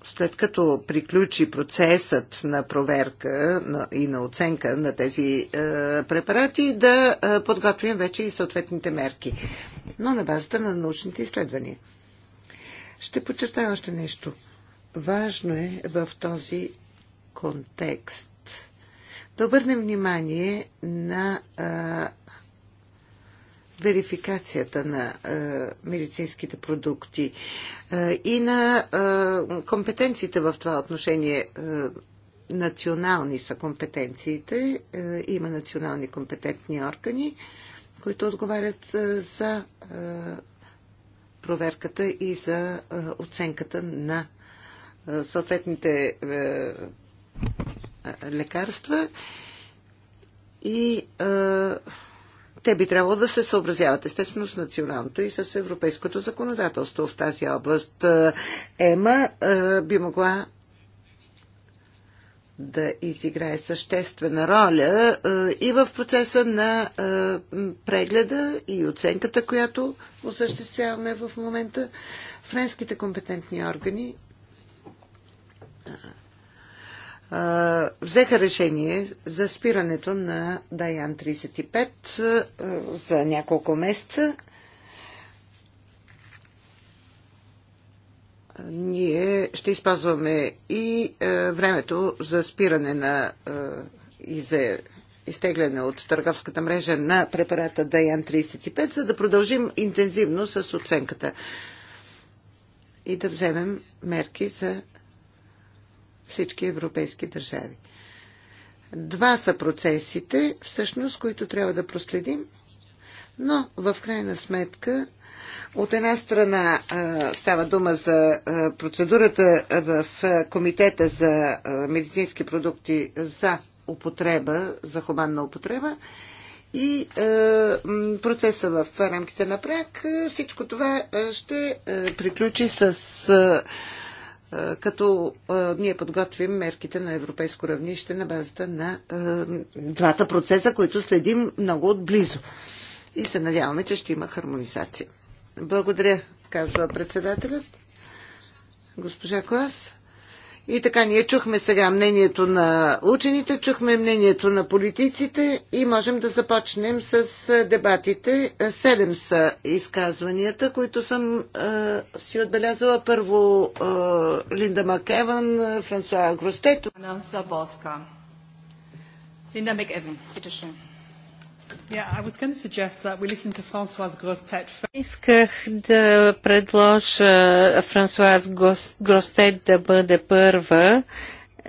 след като приключи процесът на проверка и на оценка на тези препарати, да подготвим вече и съответните мерки, но на базата на научните изследвания. Ще подчертая още нещо. Важно е в този контекст да обърнем внимание на а, верификацията на а, медицинските продукти а, и на а, компетенциите в това отношение. А, национални са компетенциите, а, има национални компетентни органи, които отговарят а, за. А, проверката и за е, оценката на е, съответните е, лекарства и те би трябвало да се съобразяват естествено с националното и с европейското законодателство в тази област. ЕМА би могла да изиграе съществена роля е, и в процеса на е, прегледа и оценката, която осъществяваме в момента. Френските компетентни органи е, взеха решение за спирането на Дайан 35 за няколко месеца ние ще използваме и е, времето за спиране на е, и за изтегляне от търговската мрежа на препарата DN35, за да продължим интензивно с оценката и да вземем мерки за всички европейски държави. Два са процесите, всъщност, които трябва да проследим, но в крайна сметка от една страна става дума за процедурата в Комитета за медицински продукти за употреба, за хуманна употреба и процеса в рамките на прак. Всичко това ще приключи с като ние подготвим мерките на европейско равнище на базата на двата процеса, които следим много отблизо. И се надяваме, че ще има хармонизация. Благодаря, казва председателят. Госпожа Клас. И така, ние чухме сега мнението на учените, чухме мнението на политиците и можем да започнем с дебатите. Седем са изказванията, които съм е, си отбелязала. Първо е, Линда Макеван, Франсуа Гростето. Линда Макеван, питаше. Исках да предложа Франсуаз Гростет да бъде първа,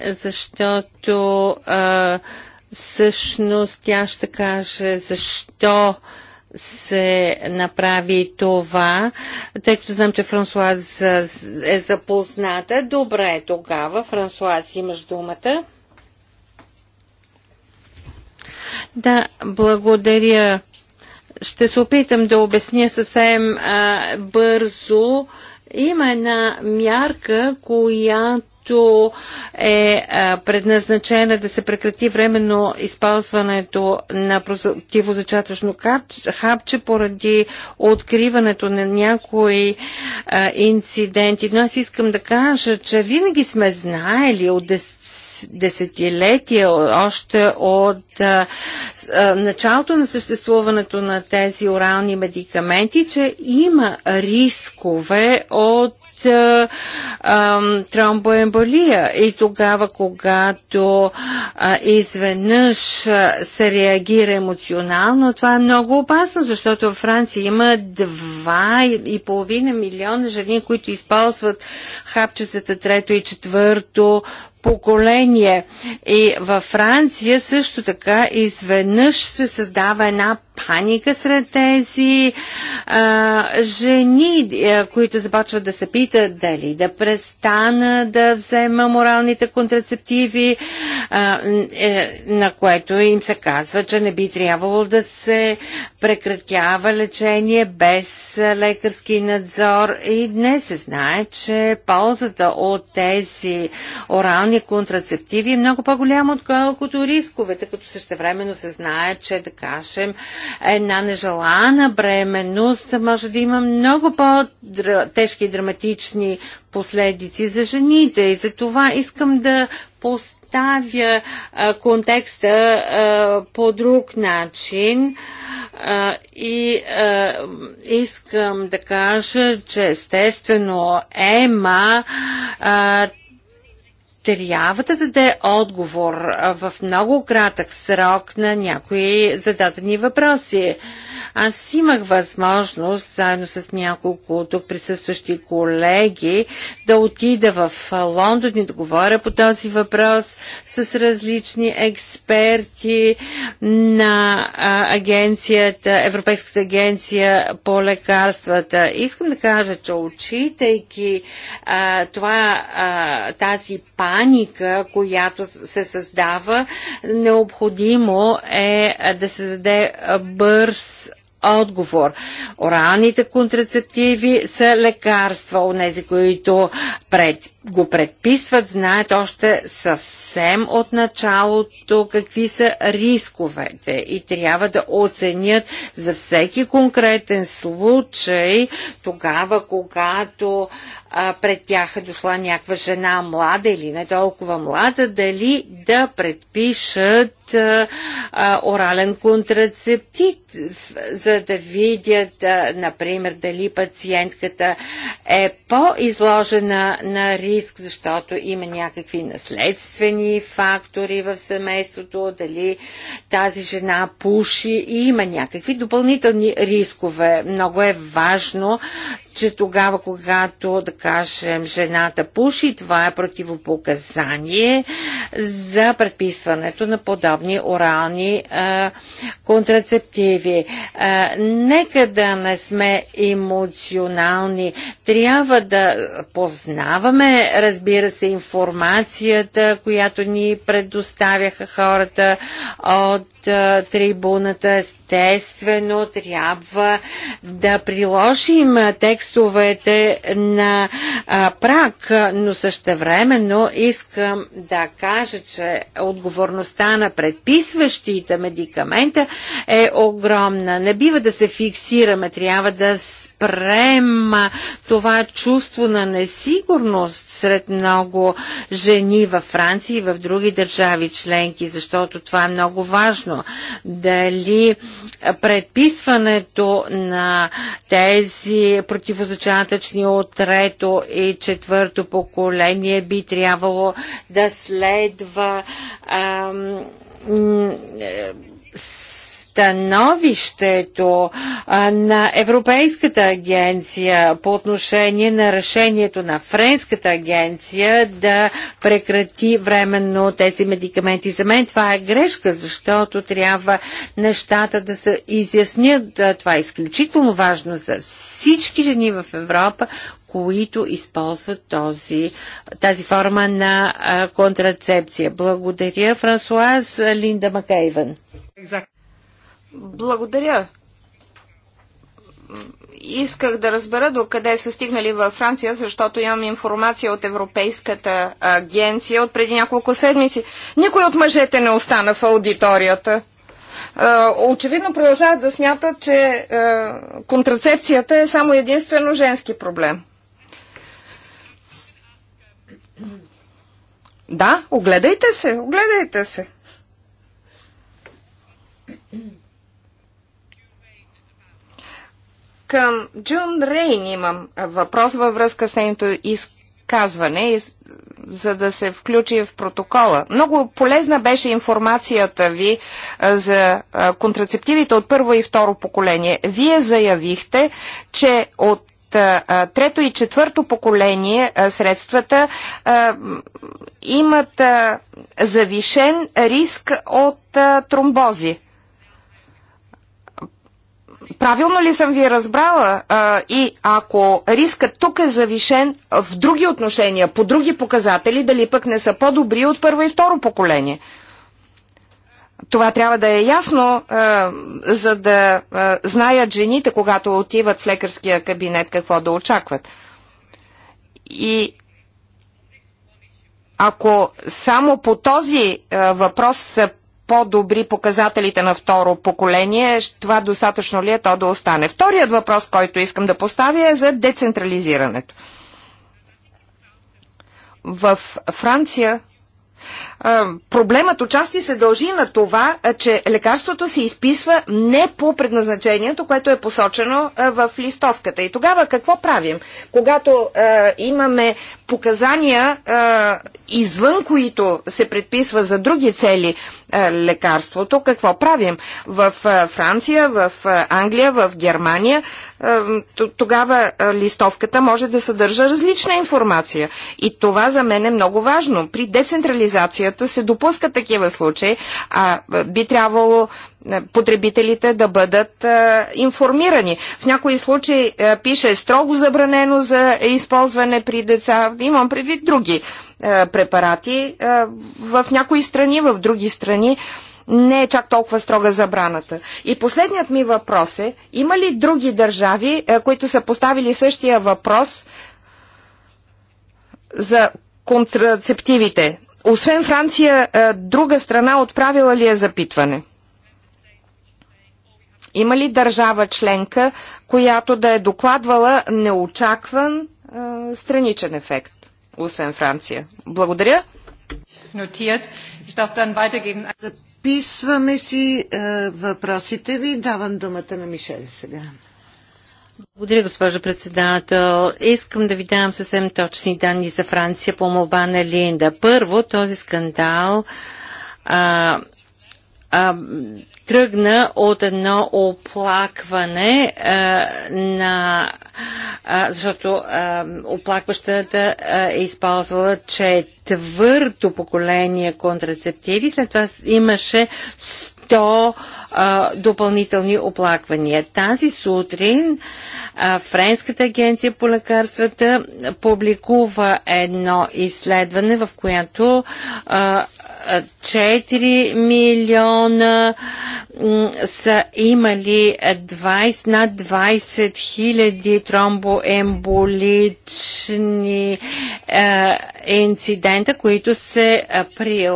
защото а, всъщност тя ще каже защо се направи това, тъй като знам, че Франсуаз е, е запозната. Добре, тогава, Франсуаз, имаш думата. Да, благодаря. Ще се опитам да обясня съвсем а, бързо. Има една мярка, която е предназначена да се прекрати временно използването на противозачатъчно хапче поради откриването на някои инциденти. Но аз искам да кажа, че винаги сме знаели от десетилетия, още от началото на съществуването на тези орални медикаменти, че има рискове от тромбоемболия. И тогава, когато а, изведнъж а, се реагира емоционално, това е много опасно, защото във Франция има 2,5 милиона жени, които използват хапчетата трето и четвърто поколение. И във Франция също така изведнъж се създава една паника сред тези а, жени, а, които започват да се питат дали да престана да взема моралните контрацептиви, а, е, на което им се казва, че не би трябвало да се прекратява лечение без лекарски надзор. И днес се знае, че ползата от тези орални контрацептиви е много по-голяма, отколкото рисковете, като същевременно се знае, че, да кажем, една нежелана бременност може да има много по-тежки и драматични последици за жените. И за това искам да поставя а, контекста а, по друг начин. А, и а, искам да кажа, че естествено Ема а, трябва да даде отговор в много кратък срок на някои зададени въпроси. Аз имах възможност, заедно с няколко тук присъстващи колеги, да отида в Лондон и да говоря по този въпрос с различни експерти на агенцията, Европейската агенция по лекарствата. Искам да кажа, че отчитайки това, а, тази паника, която се създава, необходимо е да се даде бърз отговор. Оралните контрацептиви са лекарства. Онези, които пред, го предписват, знаят още съвсем от началото какви са рисковете и трябва да оценят за всеки конкретен случай, тогава когато а, пред тях е дошла някаква жена, млада или не толкова млада, дали да предпишат а, а, орален контрацептит, за да видят, а, например, дали пациентката е по-изложена на риск, защото има някакви наследствени фактори в семейството, дали тази жена пуши и има някакви допълнителни рискове. Много е важно че тогава, когато, да кажем, жената пуши, това е противопоказание за предписването на подобни орални а, е, контрацептиви. А, е, нека да не сме емоционални. Трябва да познаваме, разбира се, информацията, която ни предоставяха хората от а, е, трибуната. Естествено, трябва да приложим текст текстовете на а, прак, но същевременно искам да кажа, че отговорността на предписващите медикамента е огромна. Не бива да се фиксираме, трябва да спрем това чувство на несигурност сред много жени във Франция и в други държави членки, защото това е много важно. Дали предписването на тези противозачатъчни от трето и четвърто поколение би трябвало да следва ам, е, становището на Европейската агенция по отношение на решението на Френската агенция да прекрати временно тези медикаменти. За мен това е грешка, защото трябва нещата да се изяснят. Това е изключително важно за всички жени в Европа, които използват този, тази форма на а, контрацепция. Благодаря, Франсуаз Линда Макейвен. Exactly. Благодаря. Исках да разбера до къде са стигнали във Франция, защото имам информация от Европейската агенция от преди няколко седмици. Никой от мъжете не остана в аудиторията. Очевидно продължават да смятат, че контрацепцията е само единствено женски проблем. Да, огледайте се, огледайте се. Към Джун Рейн имам въпрос във връзка с нейното изказване, за да се включи в протокола. Много полезна беше информацията ви за контрацептивите от първо и второ поколение. Вие заявихте, че от трето и четвърто поколение средствата имат завишен риск от тромбози правилно ли съм ви разбрала? А, и ако рискът тук е завишен в други отношения, по други показатели, дали пък не са по-добри от първо и второ поколение? Това трябва да е ясно, а, за да а, знаят жените, когато отиват в лекарския кабинет, какво да очакват. И ако само по този а, въпрос по-добри показателите на второ поколение, това достатъчно ли е то да остане? Вторият въпрос, който искам да поставя е за децентрализирането. В Франция проблемът отчасти се дължи на това, че лекарството се изписва не по предназначението, което е посочено в листовката. И тогава какво правим? Когато е, имаме показания е, извън които се предписва за други цели е, лекарството. Какво правим? В е, Франция, в е, Англия, в Германия тогава листовката може да съдържа различна информация. И това за мен е много важно. При децентрализацията се допускат такива случаи, а би трябвало потребителите да бъдат а, информирани. В някои случаи а, пише строго забранено за използване при деца. Имам предвид други е, препарати. Е, в някои страни, в други страни не е чак толкова строга забраната. И последният ми въпрос е, има ли други държави, е, които са поставили същия въпрос за контрацептивите? Освен Франция, друга страна отправила ли е запитване? Има ли държава членка, която да е докладвала неочакван страничен ефект? освен Франция. Благодаря. Записваме си е, въпросите ви. Давам думата на Мишел сега. Благодаря, госпожа председател. Искам да ви давам съвсем точни данни за Франция по молба на Линда. Първо, този скандал а, а, тръгна от едно оплакване а, на а, защото а, оплакващата а, е използвала четвърто поколение контрацептиви, след това имаше 100 а, допълнителни оплаквания. Тази сутрин а, Френската агенция по лекарствата публикува едно изследване, в което а, 4 милиона са имали 20, над 20 хиляди тромбоемболични е, инцидента, които се е, при, е,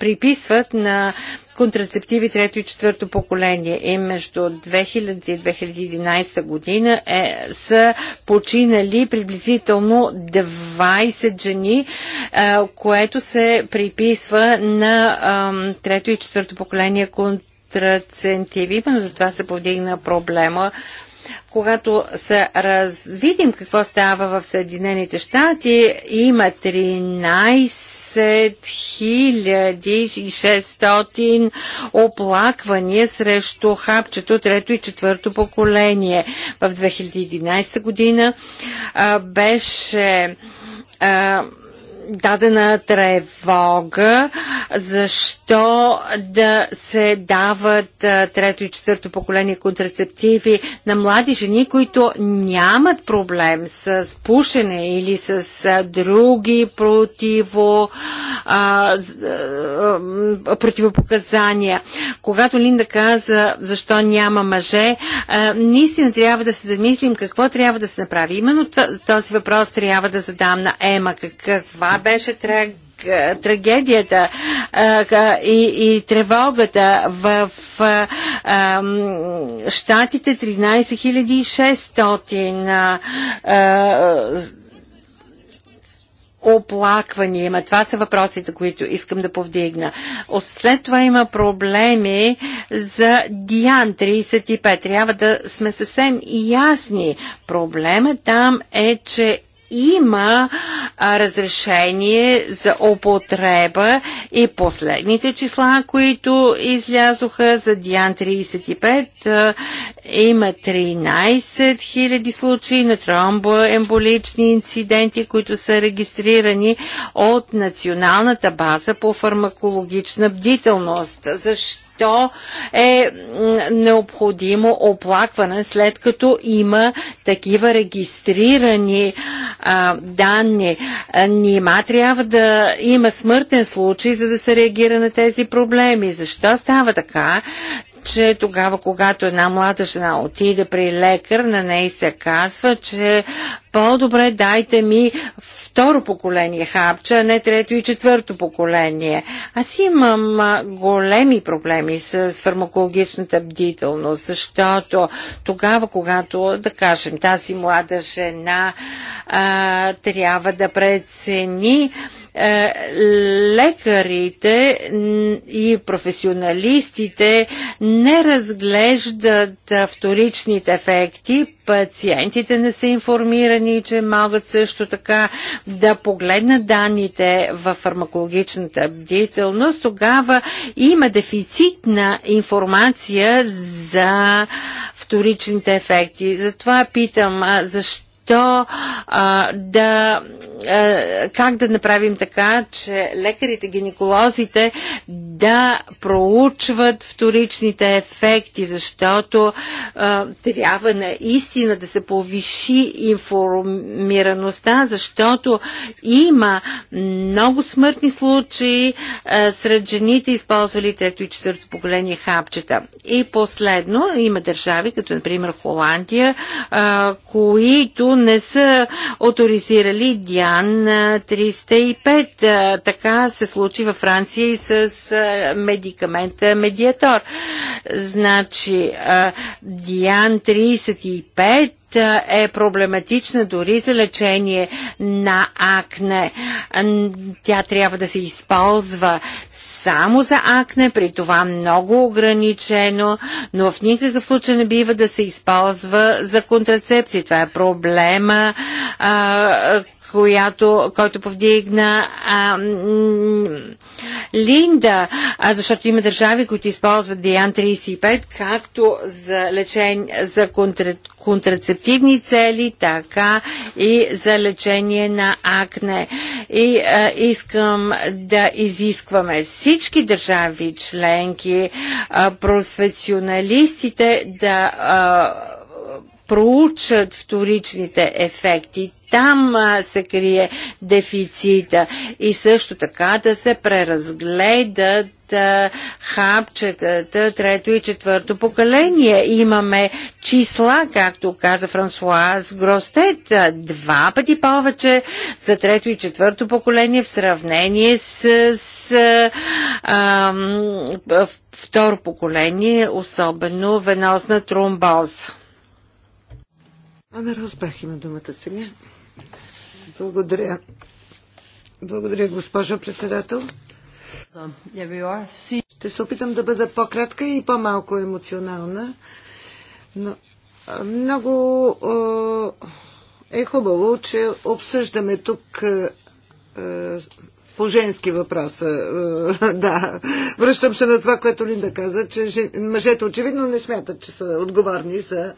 приписват на контрацептиви трето и четвърто поколение е, и между 2000 и 2011 година е, са починали приблизително 20 жени, е, което се приписва на е, трето и четвърто поколение контрацептиви. Именно за това се повдигна проблема когато се раз... видим какво става в Съединените щати, има 13 600 оплаквания срещу хапчето трето и четвърто поколение. В 2011 година а, беше а, дадена тревога защо да се дават трето и четвърто поколение контрацептиви на млади жени, които нямат проблем с пушене или с други противо, а, противопоказания. Когато Линда каза защо няма мъже, а, наистина трябва да се замислим какво трябва да се направи. Именно този въпрос трябва да задам на Ема. Каква беше трагедия? Е, трагедията е, и, и тревогата в щатите е, 13.600 оплаквания има. Това са въпросите, които искам да повдигна. След това има проблеми за Диан 35. Трябва да сме съвсем ясни. Проблема там е, че има разрешение за употреба и последните числа, които излязоха за Диан 35, има 13 000 случаи на тромбоемболични инциденти, които са регистрирани от Националната база по фармакологична бдителност. Защо? защо е необходимо оплакване, след като има такива регистрирани а, данни. Нима трябва да има смъртен случай, за да се реагира на тези проблеми. Защо става така, че тогава, когато една млада жена отиде при лекар, на ней се казва, че по-добре дайте ми второ поколение хапча, не трето и четвърто поколение. Аз имам големи проблеми с фармакологичната бдителност, защото тогава, когато, да кажем, тази млада жена а, трябва да прецени е, лекарите и професионалистите не разглеждат вторичните ефекти, пациентите не са информирани, страни, че могат също така да погледнат данните в фармакологичната бдителност, тогава има дефицит на информация за вторичните ефекти. Затова питам, защо то а, да а, как да направим така, че лекарите, гинеколозите да проучват вторичните ефекти, защото а, трябва наистина да се повиши информираността, защото има много смъртни случаи а, сред жените, използвали трето и четвърто поколение хапчета. И последно, има държави, като например Холандия, а, които не са авторизирали Диан 305. Така се случи във Франция и с медикамента Медиатор. Значи, Диан 35 е проблематична дори за лечение на акне. Тя трябва да се използва само за акне, при това много ограничено, но в никакъв случай не бива да се използва за контрацепция. Това е проблема, която, който повдигна а, Линда, а, защото има държави, които използват Диан 35 както за лечение, за контрацептивни цели, така и за лечение на акне. И а, искам да изискваме всички държави членки, а, професионалистите да а, проучат вторичните ефекти там се крие дефицита. И също така да се преразгледат хапчетата, трето и четвърто поколение. Имаме числа, както каза Франсуаз Гростет, два пъти повече за трето и четвърто поколение в сравнение с, с ам, второ поколение, особено веносна тромбоза. не разбрах има думата сега. Благодаря. Благодаря, госпожо председател. Ще се опитам да бъда по-кратка и по-малко емоционална. Но много е хубаво, че обсъждаме тук по женски въпроса. Да, връщам се на това, което Линда каза, че мъжете очевидно не смятат, че са отговорни за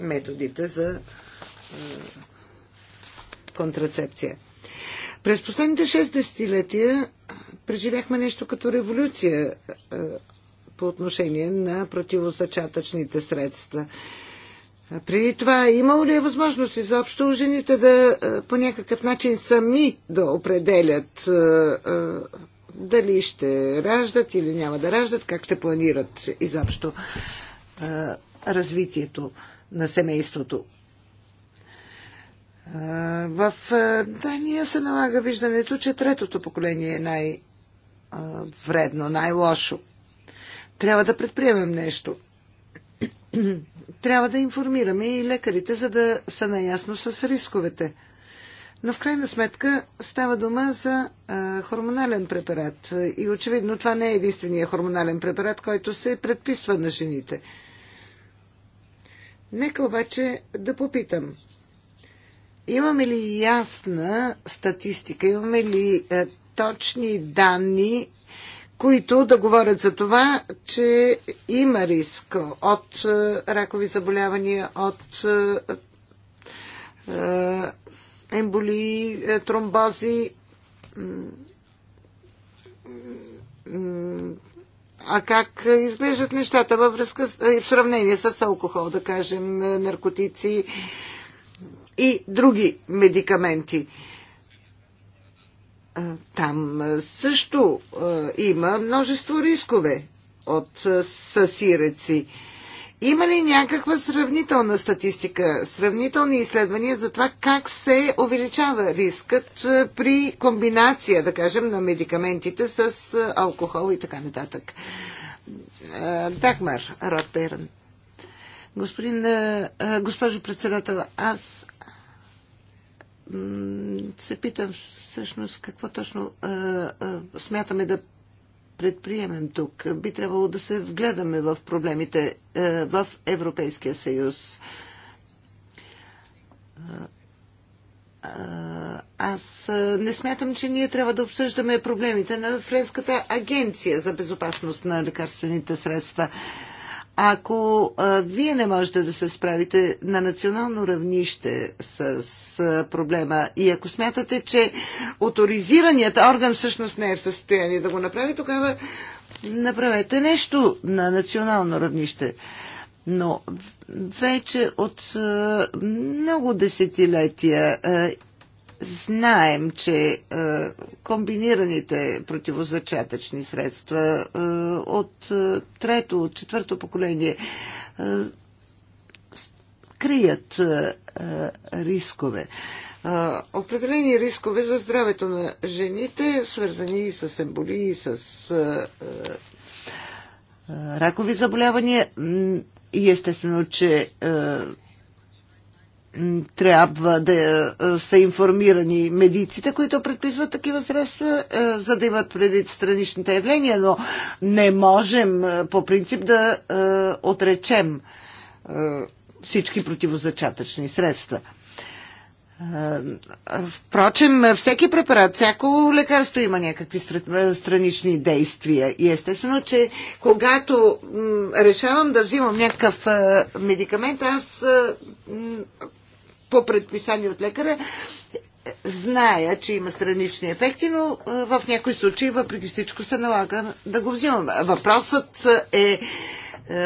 методите за е, контрацепция. През последните 6 десетилетия преживяхме нещо като революция е, по отношение на противозачатъчните средства. Преди това, имало ли е възможност изобщо жените да е, по някакъв начин сами да определят дали ще раждат или няма да раждат, как ще планират изобщо развитието на семейството. В Дания се налага виждането, че третото поколение е най-вредно, най-лошо. Трябва да предприемем нещо. Трябва да информираме и лекарите, за да са наясно с рисковете. Но в крайна сметка става дума за а, хормонален препарат. И очевидно това не е единствения хормонален препарат, който се предписва на жените. Нека обаче да попитам. Имаме ли ясна статистика, имаме ли е, точни данни, които да говорят за това, че има риск от е, ракови заболявания, от е, е емболии, е, тромбози, а как изглеждат нещата във връзка в сравнение с алкохол, да кажем, наркотици и други медикаменти? Там също има множество рискове от съсиреци. Има ли някаква сравнителна статистика, сравнителни изследвания за това как се увеличава рискът е, при комбинация, да кажем, на медикаментите с е, алкохол и така нататък? Е, Дагмар Ротберн. Господин, госпожо председател, аз се питам всъщност какво точно а, а, смятаме да предприемем тук? Би трябвало да се вгледаме в проблемите е, в Европейския съюз. Е, е, аз не смятам, че ние трябва да обсъждаме проблемите на Френската агенция за безопасност на лекарствените средства. Ако а, вие не можете да се справите на национално равнище с, с проблема и ако смятате, че авторизираният орган всъщност не е в състояние да го направи, тогава направете нещо на национално равнище. Но вече от много десетилетия знаем, че е, комбинираните противозачатъчни средства е, от е, трето, от четвърто поколение крият рискове. Определени рискове за здравето на жените, свързани и с емболии, и с ракови заболявания. И естествено, че трябва да е, са информирани медиците, които предписват такива средства, е, за да имат предвид страничните явления, но не можем е, по принцип да отречем всички противозачатъчни средства. Впрочем, всеки препарат, всяко лекарство има някакви странични действия. И естествено, че когато решавам да взимам някакъв медикамент, аз по предписание от лекаря, зная, че има странични ефекти, но в някои случаи, въпреки всичко, се налага да го взимам. Въпросът е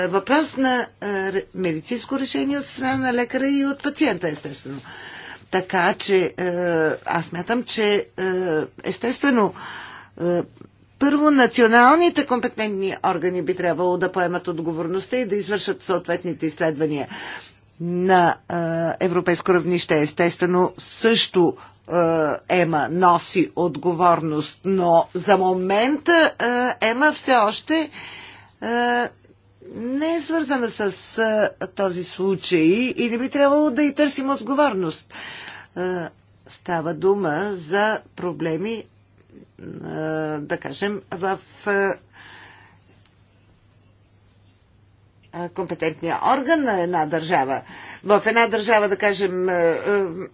въпрос на медицинско решение от страна на лекаря и от пациента, естествено. Така че аз мятам, че естествено първо националните компетентни органи би трябвало да поемат отговорността и да извършат съответните изследвания на европейско равнище, естествено, също Ема носи отговорност, но за момента Ема все още не е свързана с този случай и не би трябвало да и търсим отговорност. Става дума за проблеми, да кажем, в компетентния орган на една държава. В една държава, да кажем,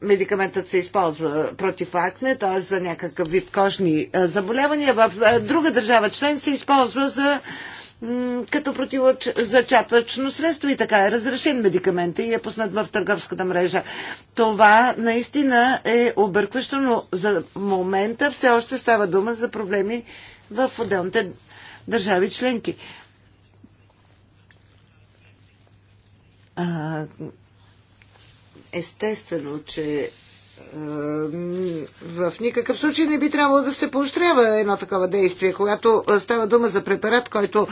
медикаментът се използва против акне, т.е. за някакъв вид кожни заболявания. В друга държава член се използва за като противозачатъчно средство и така е разрешен медикамент и е пуснат в търговската мрежа. Това наистина е объркващо, но за момента все още става дума за проблеми в отделните държави членки. Естествено, че в никакъв случай не би трябвало да се поощрява едно такова действие, когато става дума за препарат, който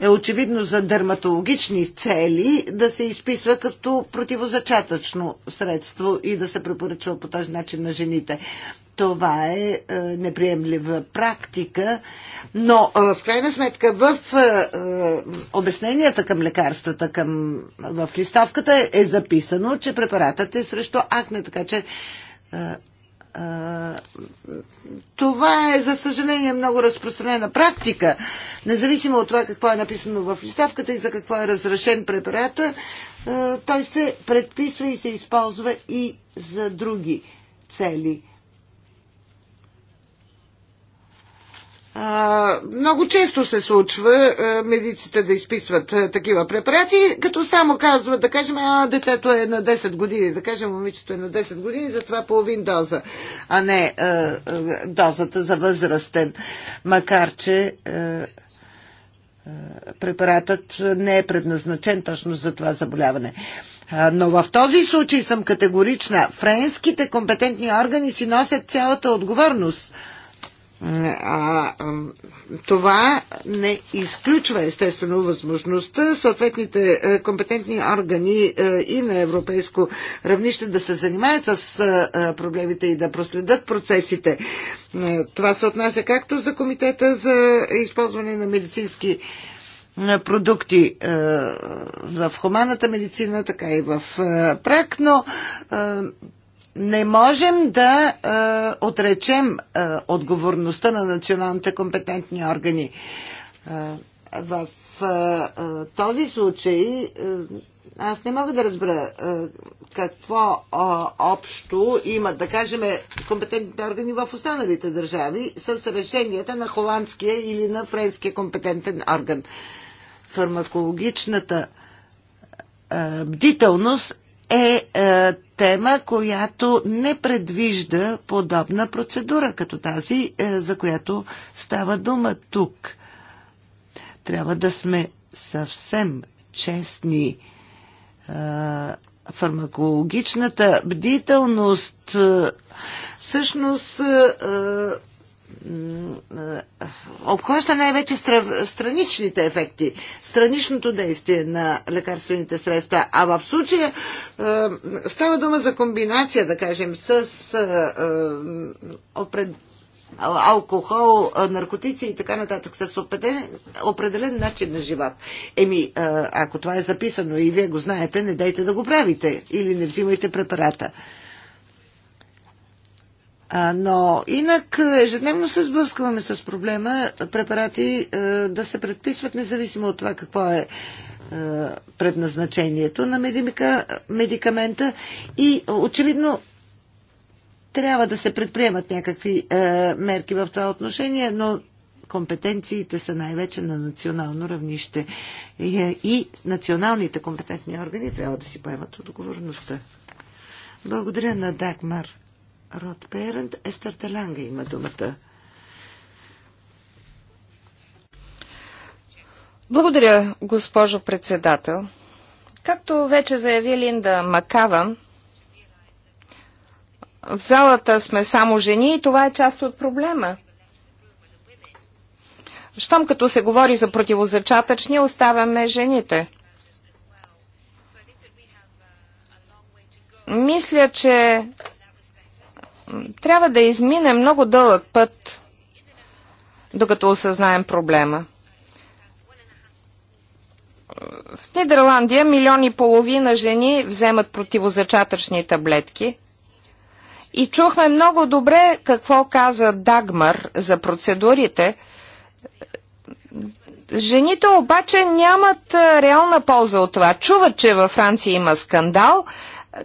е очевидно за дерматологични цели, да се изписва като противозачатъчно средство и да се препоръчва по този начин на жените. Това е, е, неприемлива практика, но е, в крайна сметка в е, обясненията към лекарствата, към, в листовката е, е записано, че препаратът е срещу акне, така че това е, за съжаление, много разпространена практика. Независимо от това какво е написано в листавката и за какво е разрешен препарата, той се предписва и се използва и за други цели. А, много често се случва а, медиците да изписват а, такива препарати, като само казват, да кажем, а, детето е на 10 години, да кажем, момичето е на 10 години, затова половин доза, а не а, а, дозата за възрастен. Макар, че а, а, препаратът не е предназначен точно за това заболяване. но в този случай съм категорична. Френските компетентни органи си носят цялата отговорност – а това не изключва естествено възможността съответните е, компетентни органи е, и на европейско равнище да се занимаят с е, проблемите и да проследят процесите. Това се отнася както за Комитета за използване на медицински продукти в хуманната медицина, така и в прак, но не можем да е, отречем е, отговорността на националните компетентни органи. Е, в е, е този случай е, аз не мога да разбера е, какво е, общо имат, да кажем, компетентните органи в останалите държави с решенията на холандския или на френския компетентен орган. Фармакологичната е, бдителност е, е тема, която не предвижда подобна процедура, като тази, е, за която става дума тук. Трябва да сме съвсем честни. Е, фармакологичната бдителност е, всъщност е, е, обхваща най-вече страничните ефекти, страничното действие на лекарствените средства. А в случая става дума за комбинация, да кажем, с алкохол, наркотици и така нататък, с определен, определен начин на живот. Еми, ако това е записано и вие го знаете, не дайте да го правите или не взимайте препарата но инак е, ежедневно се сблъскваме с проблема препарати е, да се предписват независимо от това какво е, е предназначението на медика, медикамента и очевидно трябва да се предприемат някакви а, мерки в това отношение, но компетенциите са най-вече на национално равнище и, и националните компетентни органи трябва да си поемат отговорността. Благодаря на Дагмар. Род Перент. Естер има думата. Благодаря, госпожо председател. Както вече заяви Линда Макава, в залата сме само жени и това е част от проблема. Щом като се говори за противозачатъчни, оставяме жените. Мисля, че трябва да измине много дълъг път, докато осъзнаем проблема. В Нидерландия милиони и половина жени вземат противозачатъчни таблетки. И чухме много добре какво каза Дагмар за процедурите. Жените обаче нямат реална полза от това. Чуват, че във Франция има скандал.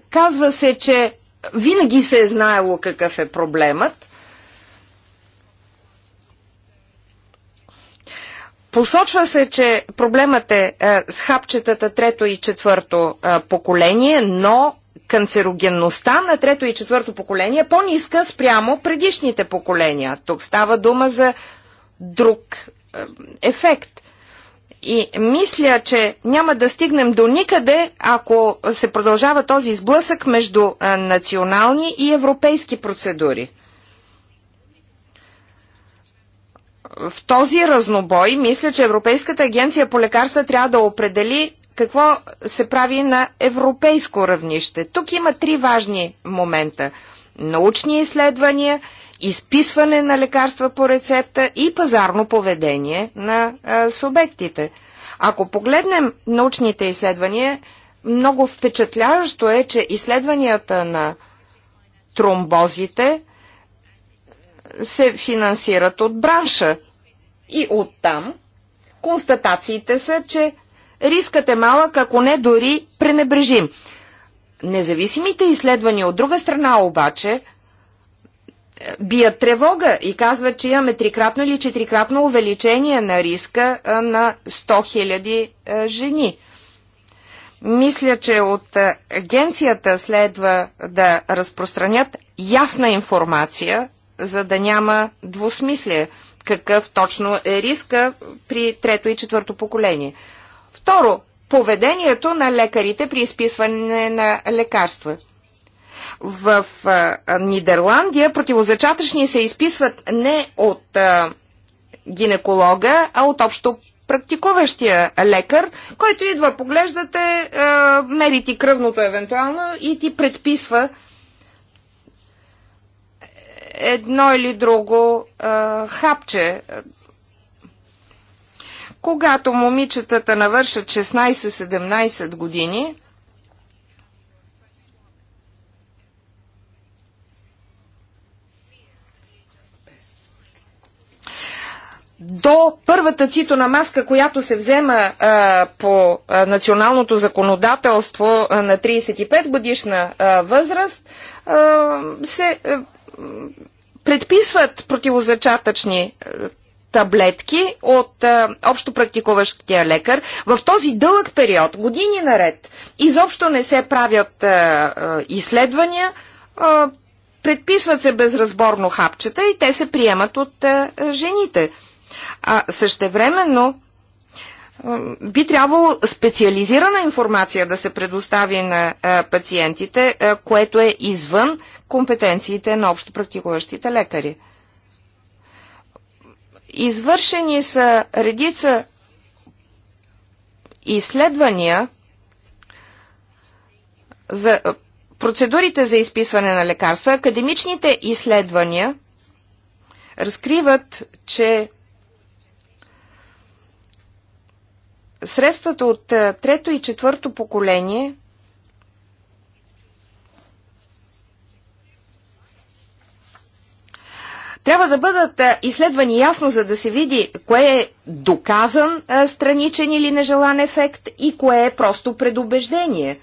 Казва се, че винаги се е знаело какъв е проблемът. Посочва се, че проблемът е, е с хапчетата трето и четвърто е, поколение, но канцерогенността на трето и четвърто поколение е по-ниска спрямо предишните поколения. Тук става дума за друг е, ефект – и мисля, че няма да стигнем до никъде, ако се продължава този сблъсък между национални и европейски процедури. В този разнобой, мисля, че Европейската агенция по лекарства трябва да определи какво се прави на европейско равнище. Тук има три важни момента. Научни изследвания – изписване на лекарства по рецепта и пазарно поведение на а, субектите. Ако погледнем научните изследвания, много впечатляващо е, че изследванията на тромбозите се финансират от бранша. И оттам констатациите са, че рискът е малък, ако не дори пренебрежим. Независимите изследвания от друга страна обаче – бият тревога и казват, че имаме трикратно или четирикратно увеличение на риска на 100 000 жени. Мисля, че от агенцията следва да разпространят ясна информация, за да няма двусмислие какъв точно е риска при трето и четвърто поколение. Второ, поведението на лекарите при изписване на лекарства. В Нидерландия противозачатъчни се изписват не от гинеколога, а от общо практикуващия лекар, който идва, поглеждате, мери ти кръвното евентуално и ти предписва едно или друго а, хапче. Когато момичетата навършат 16-17 години, до първата цитона маска, която се взема а, по а, националното законодателство а, на 35 годишна а, възраст, а, се а, предписват противозачатъчни а, таблетки от а, общо практикуващия лекар. В този дълъг период, години наред, изобщо не се правят а, а, изследвания. А, Предписват се безразборно хапчета и те се приемат от а, жените. А същевременно би трябвало специализирана информация да се предостави на пациентите, което е извън компетенциите на общопрактикуващите лекари. Извършени са редица изследвания за процедурите за изписване на лекарства. Академичните изследвания разкриват, че средствата от трето и четвърто поколение трябва да бъдат изследвани ясно, за да се види кое е доказан страничен или нежелан ефект и кое е просто предубеждение.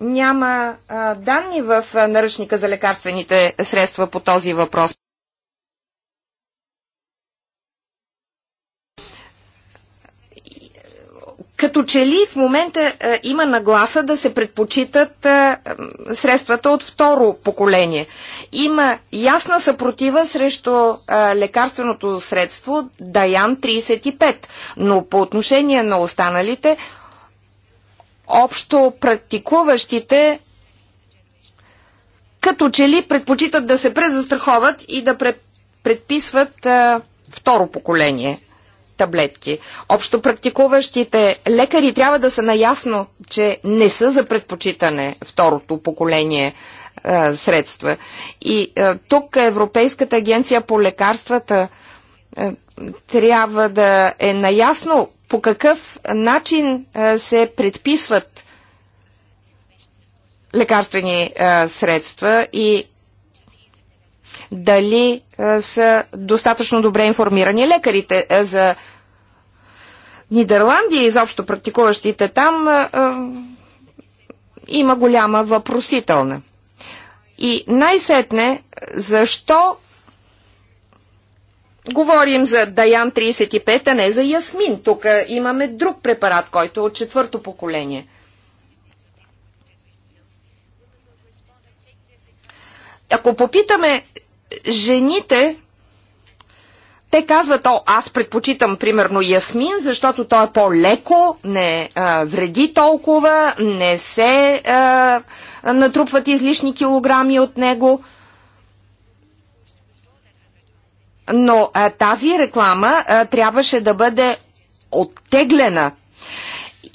Няма данни в наръчника за лекарствените средства по този въпрос. Като че ли в момента а, е, има нагласа да се предпочитат а, е, средствата от второ поколение. Има ясна съпротива срещу а, е, лекарственото средство Даян 35, но по отношение на останалите, общо практикуващите като че ли предпочитат да се презастраховат и да предписват а, второ поколение таблетки. Общо практикуващите лекари трябва да са наясно, че не са за предпочитане второто поколение а, е, средства. И а, е, тук Европейската агенция по лекарствата а, е, трябва да е наясно по какъв начин а, се предписват лекарствени а, средства и дали са достатъчно добре информирани лекарите за Нидерландия и изобщо практикуващите там има голяма въпросителна. И най-сетне, защо говорим за Даян 35, а не за Ясмин? Тук имаме друг препарат, който е от четвърто поколение. Ако попитаме жените, те казват, о, аз предпочитам примерно ясмин, защото то е по-леко, не а, вреди толкова, не се а, натрупват излишни килограми от него. Но а, тази реклама а, трябваше да бъде оттеглена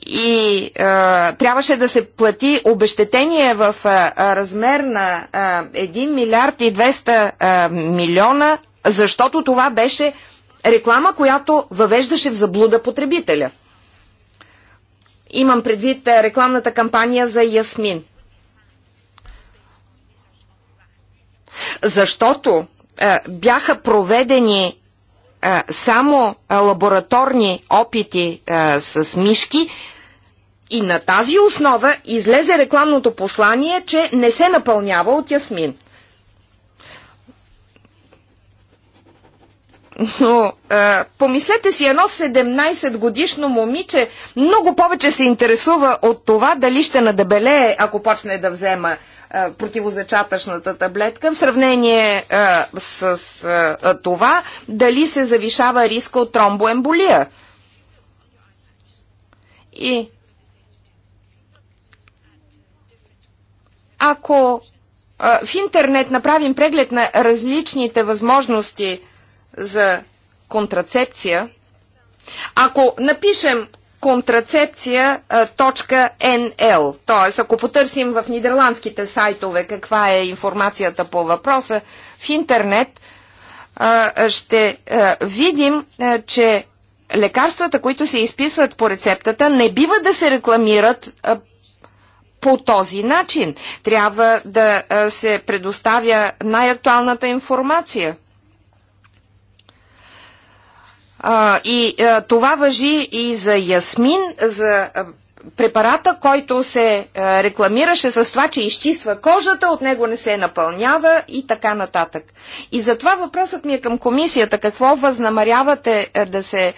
и а, трябваше да се плати обещетение в а, размер на а, 1 милиард и 200 а, милиона, защото това беше реклама, която въвеждаше в заблуда потребителя. Имам предвид рекламната кампания за Ясмин. Защото а, бяха проведени а, само лабораторни опити а, с мишки, и на тази основа излезе рекламното послание, че не се напълнява от ясмин. Но е, помислете си, едно 17 годишно момиче много повече се интересува от това дали ще надебелее, ако почне да взема е, противозачатъчната таблетка, в сравнение е, с е, това дали се завишава риска от тромбоемболия. И ако в интернет направим преглед на различните възможности за контрацепция, ако напишем контрацепция.nl, т.е. ако потърсим в нидерландските сайтове каква е информацията по въпроса, в интернет ще видим, че лекарствата, които се изписват по рецептата, не бива да се рекламират по този начин. Трябва да се предоставя най-актуалната информация. И това въжи и за Ясмин, за препарата, който се е, рекламираше с това, че изчиства кожата, от него не се напълнява и така нататък. И затова въпросът ми е към комисията. Какво възнамарявате е, да се е,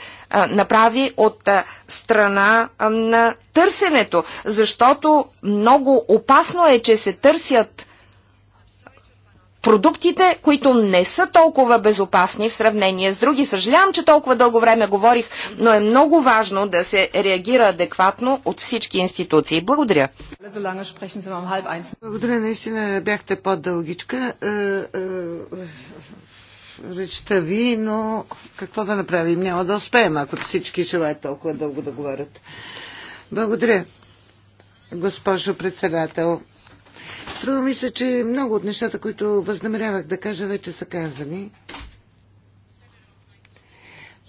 направи от страна на търсенето? Защото много опасно е, че се търсят продуктите, които не са толкова безопасни в сравнение с други. Съжалявам, че толкова дълго време говорих, но е много важно да се реагира адекватно от всички институции. Благодаря. Благодаря, наистина бяхте по-дългичка е, е, речта ви, но какво да направим? Няма да успеем, ако всички желаят толкова дълго да говорят. Благодаря, госпожо председател. Струва ми се, че много от нещата, които възнамерявах да кажа, вече са казани.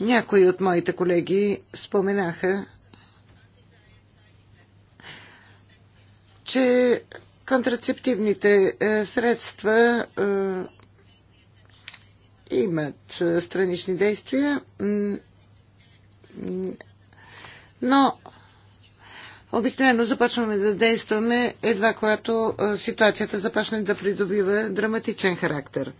Някои от моите колеги споменаха, че контрацептивните е, средства е, имат е, странични действия, но Обикновено започваме да действаме едва когато ситуацията започне да придобива драматичен характер.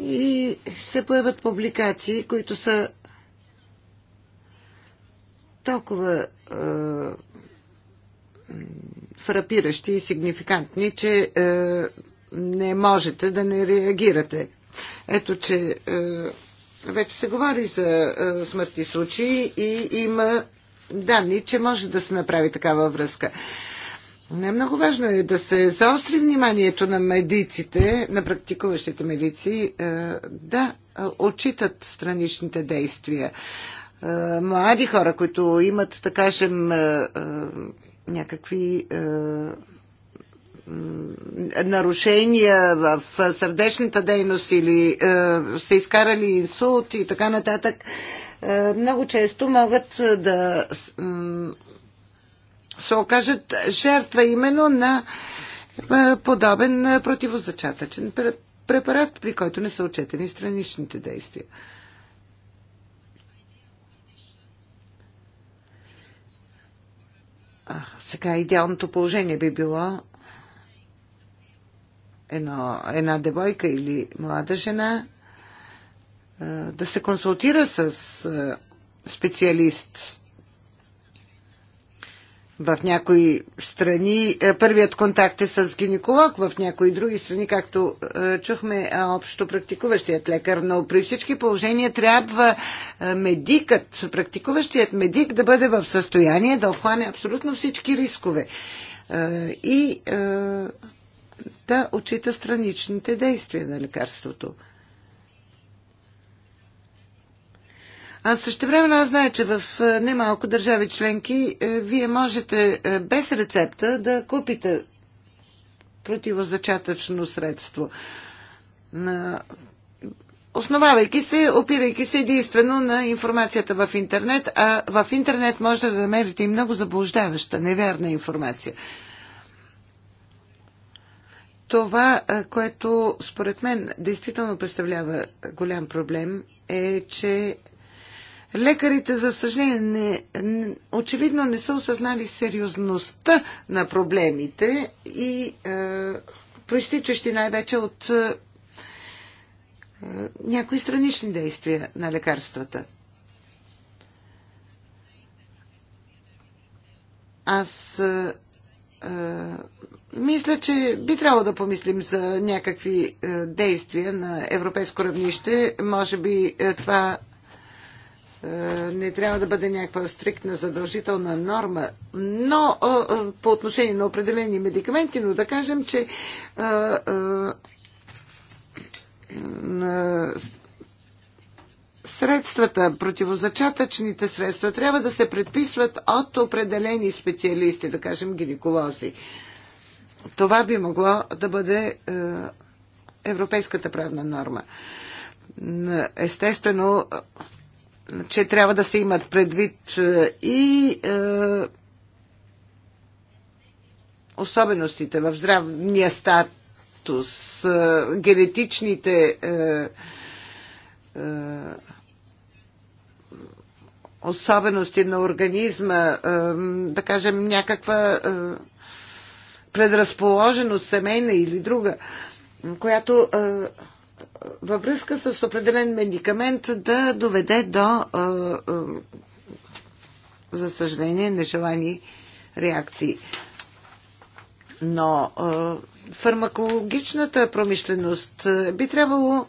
И се появят публикации, които са толкова е, фрапиращи и сигнификантни, че е, не можете да не реагирате. Ето, че е, вече се говори за е, смъртни случаи и има данни, че може да се направи такава връзка. Не, много важно е да се заостри вниманието на медиците, на практикуващите медици, е, да е, отчитат страничните действия. Млади хора, които имат, да кажем, някакви нарушения в сърдечната дейност или е, са изкарали инсулт и така нататък, е, много често могат да се окажат жертва именно на е, подобен противозачатъчен препарат, при който не са отчетени страничните действия. А, сега идеалното положение би било едно, една девойка или млада жена да се консултира с специалист. В някои страни е, първият контакт е с гинеколог, в някои други страни, както е, чухме, общо практикуващият лекар. Но при всички положения трябва е, медикът, практикуващият медик да бъде в състояние да обхване абсолютно всички рискове. И да отчита страничните действия на лекарството. А също време аз знае, че в е, немалко държави членки е, вие можете е, без рецепта да купите противозачатъчно средство. Основавайки се, опирайки се единствено на информацията в интернет, а в интернет можете да намерите и много заблуждаваща, невярна информация. Това, което според мен действително представлява голям проблем, е, че лекарите, за съжаление, не, не, очевидно не са осъзнали сериозността на проблемите и е, проистичащи най-вече от е, някои странични действия на лекарствата. Аз е, е, мисля, че би трябвало да помислим за някакви е, действия на европейско равнище. Може би е, това не трябва да бъде някаква стриктна задължителна норма, но по отношение на определени медикаменти, но да кажем, че средствата, противозачатъчните средства трябва да се предписват от определени специалисти, да кажем гинеколози. Това би могло да бъде е, европейската правна норма. Естествено, че трябва да се имат предвид е, и е, особеностите в здравния статус, е, генетичните е, е особености на организма, да кажем някаква предразположеност семейна или друга, която във връзка с определен медикамент да доведе до, за съжаление, нежелани реакции. Но фармакологичната промишленост би трябвало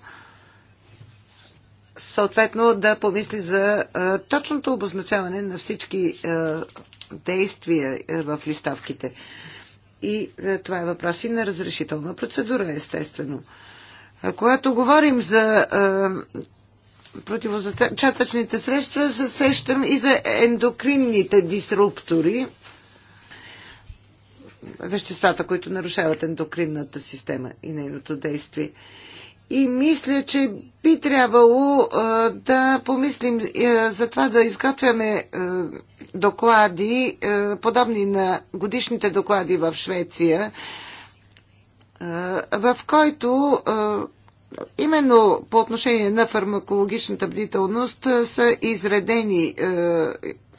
съответно да помисли за точното обозначаване на всички действия в листавките. И това е въпрос и на разрешителна процедура, естествено. Когато говорим за противозачатъчните средства, се сещам и за ендокринните дисруптори, веществата, които нарушават ендокринната система и нейното действие. И мисля, че би трябвало да помислим за това да изготвяме доклади, подобни на годишните доклади в Швеция, в който именно по отношение на фармакологичната бдителност са изредени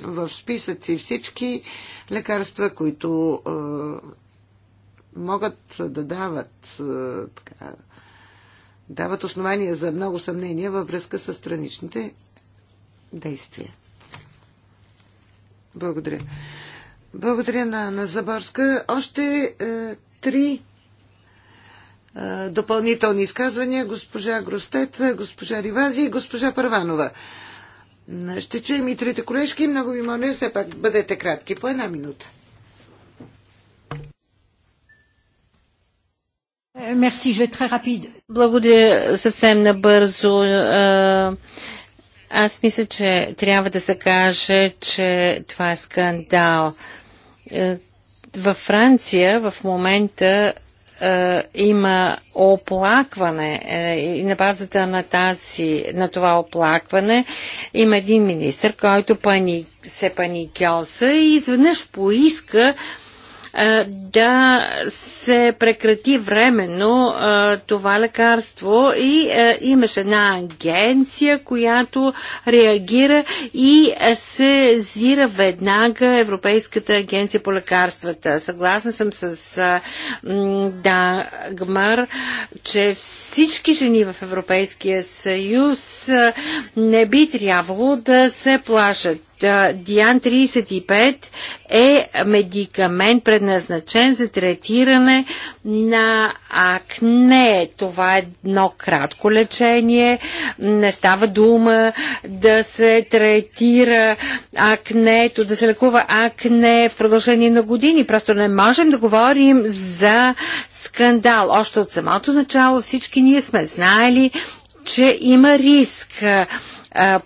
в списъци всички лекарства, които могат да дават така, дават основания за много съмнения във връзка с страничните действия. Благодаря. Благодаря на, на Заборска. Още е, три е, допълнителни изказвания. Госпожа Гростет, госпожа Ривази и госпожа Първанова. Ще чуем и трите колежки. Много ви моля, все пак бъдете кратки. По една минута. Е, е Благодаря съвсем набързо. Е, аз мисля, че трябва да се каже, че това е скандал. Във Франция в момента има оплакване и на базата на, тази, на това оплакване има един министр, който пани, се паникьоса и изведнъж поиска да се прекрати временно това лекарство и имаше една агенция, която реагира и се зира веднага Европейската агенция по лекарствата. Съгласна съм с Дагмар, че всички жени в Европейския съюз не би трябвало да се плашат. Диан 35 е медикамент предназначен за третиране на акне. Това е едно кратко лечение. Не става дума да се третира акнето, да се лекува акне в продължение на години. Просто не можем да говорим за скандал. Още от самото начало всички ние сме знаели, че има риск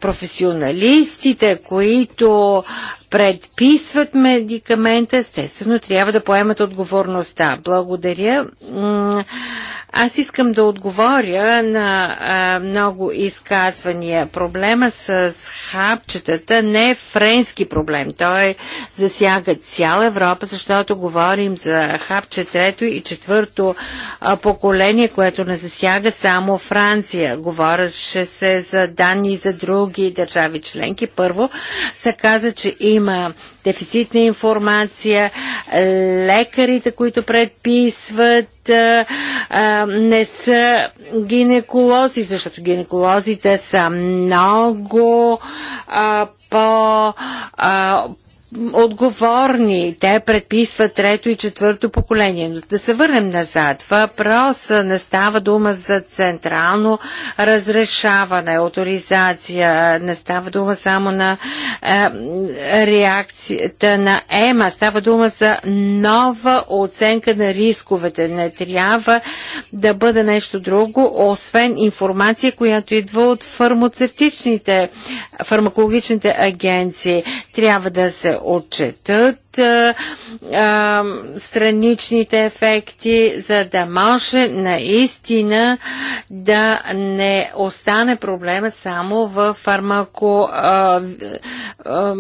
професионалистите, които предписват медикамента, естествено трябва да поемат отговорността. Благодаря. Аз искам да отговоря на а, много изказвания. Проблема с хапчетата не е френски проблем. Той засяга цяла Европа, защото говорим за хапче трето и четвърто а, поколение, което не засяга само Франция. Говореше се за данни за други държави членки. Първо се каза, че има Дефицитна информация, е, лекарите, които предписват е, е, не са гинеколози, защото гинеколозите са много по отговорни. Те предписват трето и четвърто поколение. Но да се върнем назад. Въпрос не става дума за централно разрешаване, авторизация. Не става дума само на е, реакцията на ЕМА. Става дума за нова оценка на рисковете. Не трябва да бъде нещо друго, освен информация, която идва от фармацевтичните, фармакологичните агенции. Трябва да се отчетат а, страничните ефекти, за да може наистина да не остане проблема само в фармако а, а,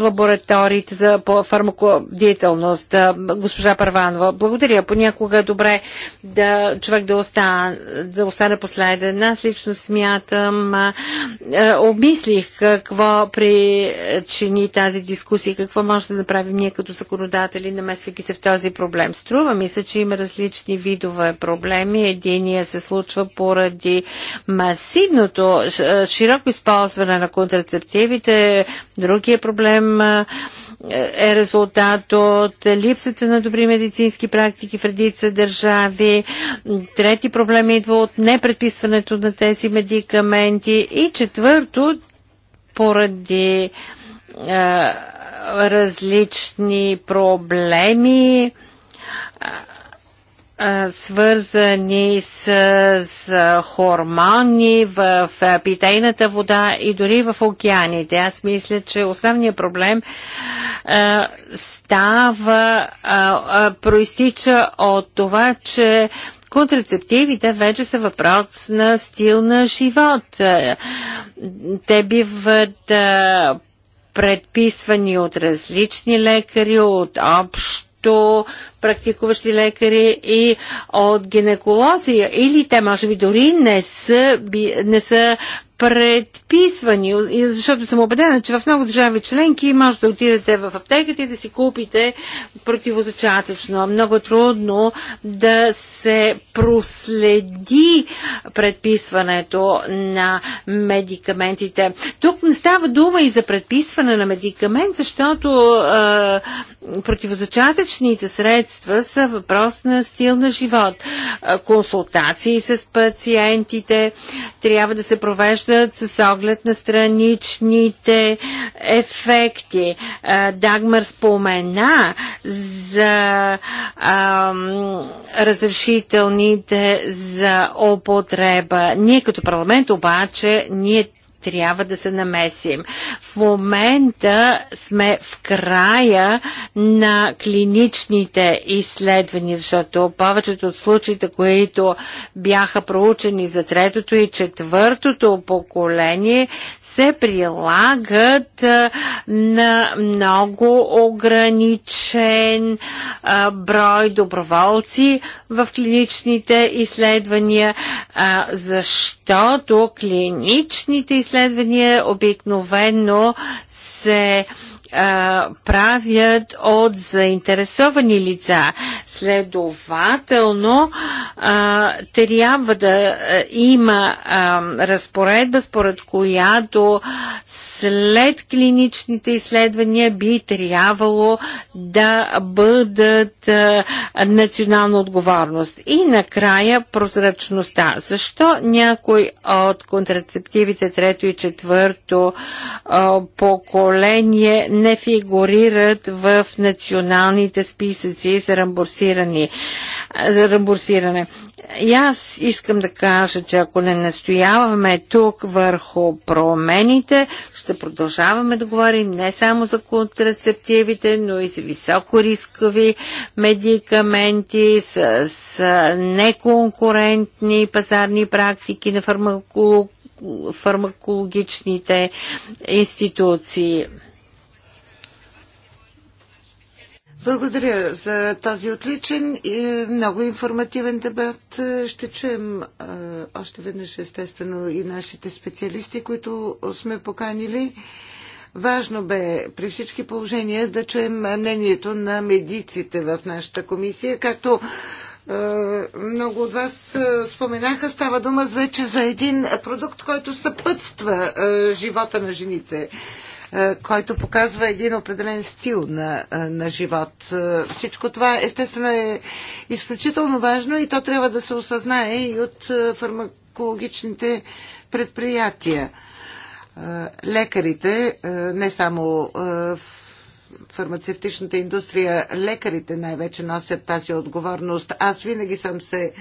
лабораториите за фармакодиетелност. Госпожа Парванова, благодаря. Понякога е добре да човек да остане, да остане последен. Аз лично смятам, а, а, обмислих какво причини тази дискусия, какво може да направим ние като законодатели, намесвайки се в този проблем. Струва ми се, че има различни видове проблеми. Единия се случва поради масивното, широко използване на контрацептивите, Другия проблем е резултат от липсата на добри медицински практики в редица държави. Трети проблем идва от непредписването на тези медикаменти. И четвърто, поради различни проблеми, свързани с, с хормони в питейната вода и дори в океаните. Аз мисля, че основният проблем става, проистича от това, че контрацептивите вече са въпрос на стил на живот. Те биват предписвани от различни лекари, от общ като практикуващи лекари и от гинеколози. Или те може би дори не са, не са предписвани, защото съм убедена, че в много държави членки може да отидете в аптеката и да си купите противозачатъчно. Много трудно да се проследи предписването на медикаментите. Тук не става дума и за предписване на медикамент, защото е, противозачатъчните средства са въпрос на стил на живот. Консултации с пациентите трябва да се провеждат обсъждат с оглед на страничните ефекти. Дагмар спомена за а, разрешителните за употреба. Ние като парламент обаче, ние трябва да се намесим. В момента сме в края на клиничните изследвания, защото повечето от случаите, които бяха проучени за третото и четвъртото поколение, се прилагат на много ограничен брой доброволци в клиничните изследвания, защото клиничните изследвания изследвания обикновено се а, правят от заинтересовани лица. Следователно, а, трябва да има а, разпоредба, според която след клиничните изследвания би трябвало да бъдат а, национална отговорност. И накрая прозрачността. Защо някой от контрацептивите трето и четвърто а, поколение не фигурират в националните списъци за, рамбурсирани, за рамбурсиране. И аз искам да кажа, че ако не настояваме тук върху промените, ще продължаваме да говорим не само за контрацептивите, но и за високорискови медикаменти, с, с неконкурентни пазарни практики на фармако, фармакологичните институции. Благодаря за този отличен и много информативен дебат. Ще чуем още веднъж естествено и нашите специалисти, които сме поканили. Важно бе при всички положения да чуем мнението на медиците в нашата комисия, както много от вас споменаха, става дума вече за един продукт, който съпътства живота на жените. Е, който показва един определен стил на, е, на живот. Е, всичко това, естествено, е изключително важно и то трябва да се осъзнае и от фармакологичните предприятия. Лекарите, не само в фармацевтичната индустрия, лекарите най-вече носят тази отговорност. Аз винаги съм се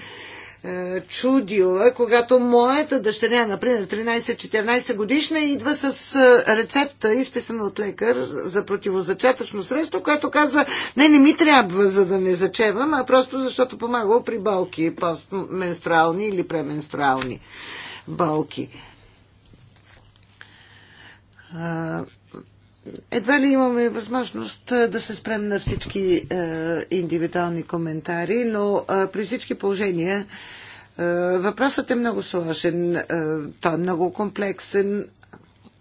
е, чудила, когато моята дъщеря, например, 13-14 годишна, идва с е, рецепта, изписана от лекар за противозачатъчно средство, което казва, не, не ми трябва, за да не зачевам, а просто защото помагало при болки, постменструални или пременструални болки. Е, едва ли имаме възможност да се спрем на всички е, индивидуални коментари, но е, при всички положения е, въпросът е много сложен, е, той е много комплексен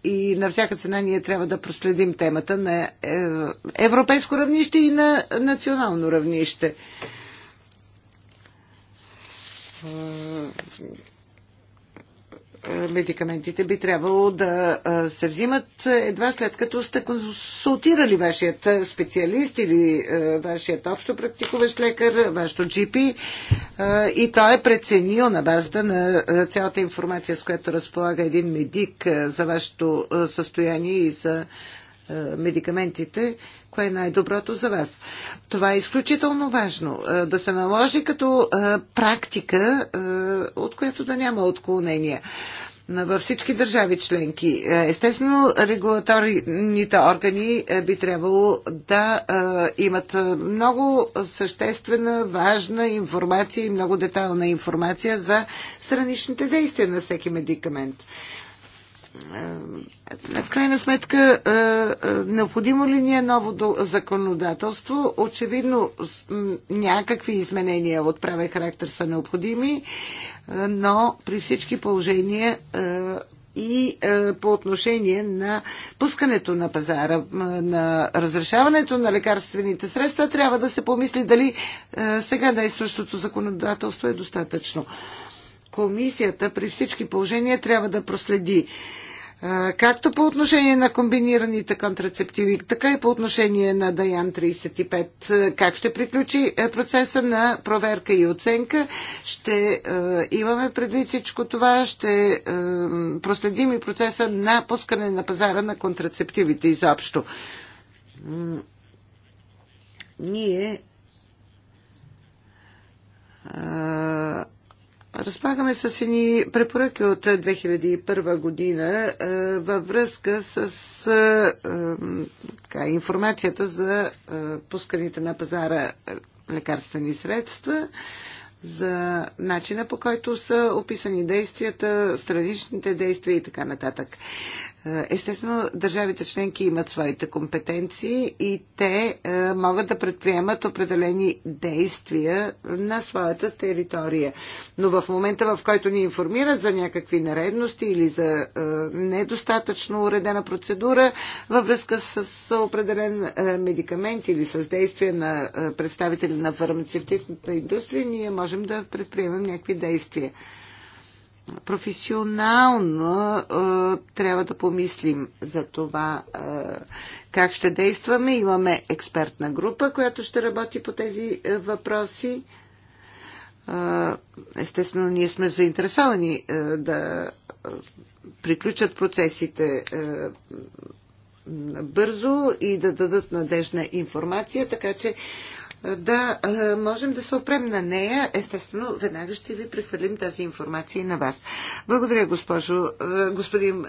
и на всяка цена ние трябва да проследим темата на е, европейско равнище и на национално равнище е, медикаментите би трябвало да е, се взимат едва след като сте консултирали вашият специалист или е, вашият общо практикуващ лекар, вашето GP и той е преценил на базата на цялата информация, с която разполага един медик за вашето състояние и за е, медикаментите, кое е най-доброто за вас. Това е изключително важно. Е, да се наложи като е, практика, от която да няма отклонения във всички държави членки. Естествено, регулаторните органи би трябвало да имат много съществена, важна информация и много детайлна информация за страничните действия на всеки медикамент. Е, е, в крайна сметка, е, необходимо ли ни е ново законодателство? Очевидно, някакви изменения от правен характер са необходими, но при всички положения и по отношение на пускането на пазара, на разрешаването на лекарствените средства, трябва да се помисли дали сега действащото законодателство е достатъчно. Комисията при всички положения трябва да проследи както по отношение на комбинираните контрацептиви, така и по отношение на Даян 35. Как ще приключи е, процеса на проверка и оценка? Ще е, имаме предвид всичко това, ще е, проследим и процеса на пускане на пазара на контрацептивите изобщо. Ние Разполагаме с едни препоръки от 2001 година е, във връзка с е, така, информацията за е, пусканите на пазара лекарствени средства, за начина по който са описани действията, страничните действия и така нататък. Естествено, държавите членки имат своите компетенции и те е, могат да предприемат определени действия на своята територия. Но в момента, в който ни информират за някакви наредности или за е, недостатъчно уредена процедура във връзка с определен е, медикамент или с действие на представители на фармацевтичната индустрия, ние можем да предприемем някакви действия професионално трябва да помислим за това как ще действаме. Имаме експертна група, която ще работи по тези въпроси. Естествено, ние сме заинтересовани да приключат процесите бързо и да дадат надежна информация, така че да можем да се опрем на нея. Естествено, веднага ще ви прехвърлим тази информация и на вас. Благодаря, госпожо, господин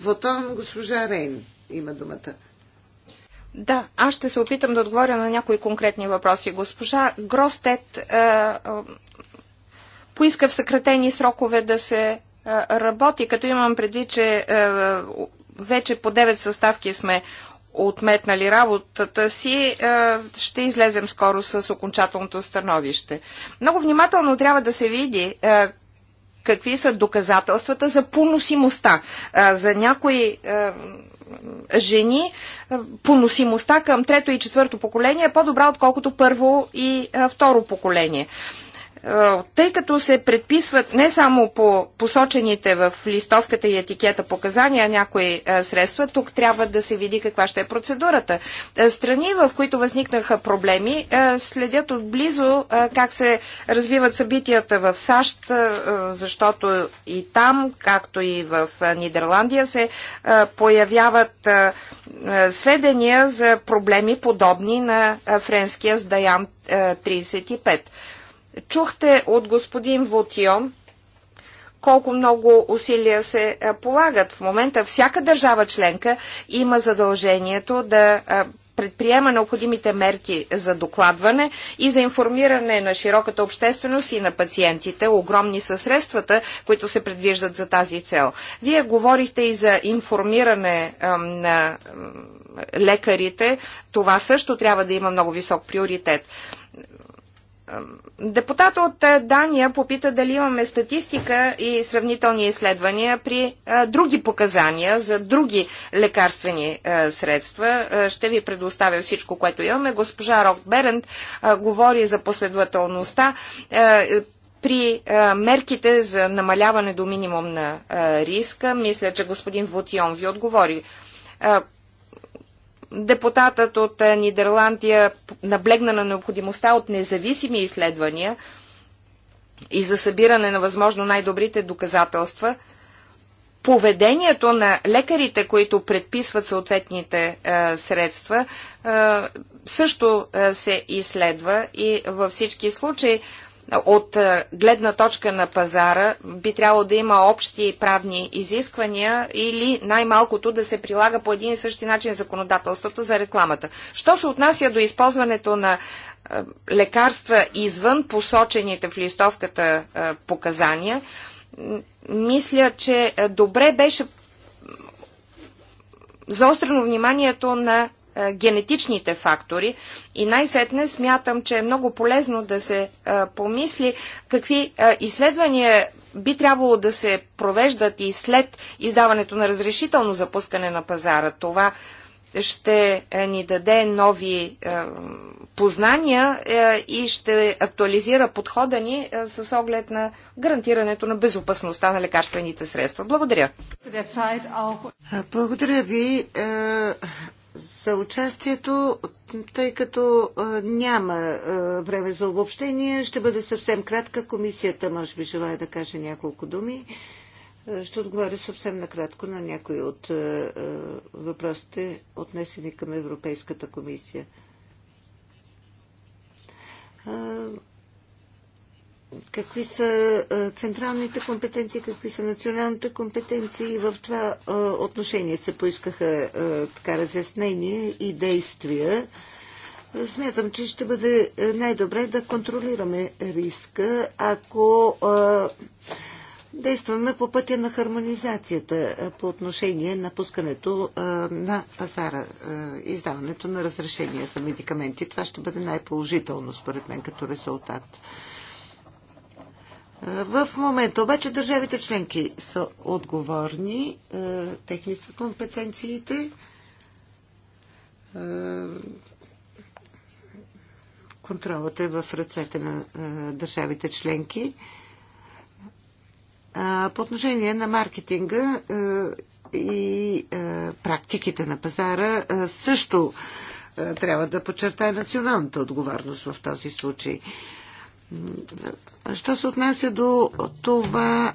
Вотон, госпожа Рейн има думата. Да, аз ще се опитам да отговоря на някои конкретни въпроси. Госпожа Гростет е, поиска в съкратени срокове да се работи, като имам предвид, че вече по 9 съставки сме отметнали работата си, е, ще излезем скоро с окончателното становище. Много внимателно трябва да се види е, какви са доказателствата за поносимостта. Е, за някои жени поносимостта към трето и четвърто поколение е по-добра, отколкото първо и второ поколение. Е, тъй като се предписват не само по посочените в листовката и етикета показания някои е, средства, тук трябва да се види каква ще е процедурата. Е, страни, в които възникнаха проблеми, следят отблизо как се развиват събитията в САЩ, защото и там, както и в Нидерландия, се появяват сведения за проблеми подобни на френския с Даян 35. Чухте от господин Вутио колко много усилия се полагат. В момента всяка държава членка има задължението да предприема необходимите мерки за докладване и за информиране на широката общественост и на пациентите. Огромни са средствата, които се предвиждат за тази цел. Вие говорихте и за информиране на лекарите. Това също трябва да има много висок приоритет. Депутата от е, Дания попита дали имаме статистика и сравнителни изследвания при е, други показания за други лекарствени е, средства. Ще ви предоставя всичко, което имаме. Госпожа Рок Берент говори за последователността при мерките за намаляване до минимум на риска. Мисля, че господин Вутион ви отговори. Депутатът от е, Нидерландия наблегна на необходимостта от независими изследвания и за събиране на възможно най-добрите доказателства. Поведението на лекарите, които предписват съответните е, средства, е, също е, се изследва и във всички случаи от е, гледна точка на пазара би трябвало да има общи правни изисквания или най-малкото да се прилага по един и същи начин законодателството за рекламата. Що се отнася до използването на е, лекарства извън посочените в листовката е, показания, мисля, че добре беше заострено вниманието на е, генетичните фактори. И най-сетне смятам, че е много полезно да се е, помисли какви е, изследвания би трябвало да се провеждат и след издаването на разрешително запускане на пазара. Това ще ни даде нови познания и ще актуализира подхода ни с оглед на гарантирането на безопасността на лекарствените средства. Благодаря. Благодаря ви за участието, тъй като няма време за обобщение. Ще бъде съвсем кратка. Комисията може би желая да каже няколко думи. Ще отговоря съвсем накратко на някои от въпросите, отнесени към Европейската комисия какви са централните компетенции, какви са националните компетенции. В това отношение се поискаха така разяснения и действия. Смятам, че ще бъде най-добре да контролираме риска, ако действаме по пътя на хармонизацията по отношение на пускането на пазара, издаването на разрешения за медикаменти. Това ще бъде най-положително, според мен, като резултат. В момента обаче държавите членки са отговорни, е, техни са компетенциите. Е, контролът е в ръцете на е, държавите членки. По отношение на маркетинга и практиките на пазара също трябва да подчертая националната отговорност в този случай. Що се отнася до това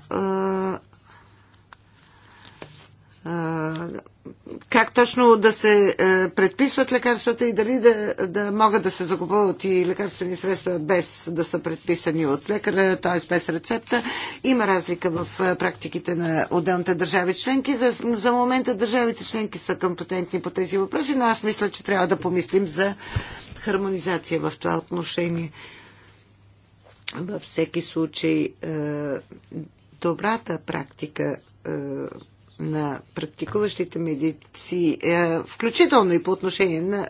как точно да се предписват лекарствата и дали да, да могат да се закупуват и лекарствени средства без да са предписани от лекаря, т.е. без рецепта. Има разлика в практиките на отделните държави членки. За, за момента държавите членки са компетентни по тези въпроси, но аз мисля, че трябва да помислим за хармонизация в това отношение. Във всеки случай, е, добрата практика е, на практикуващите медици, е, включително и по отношение на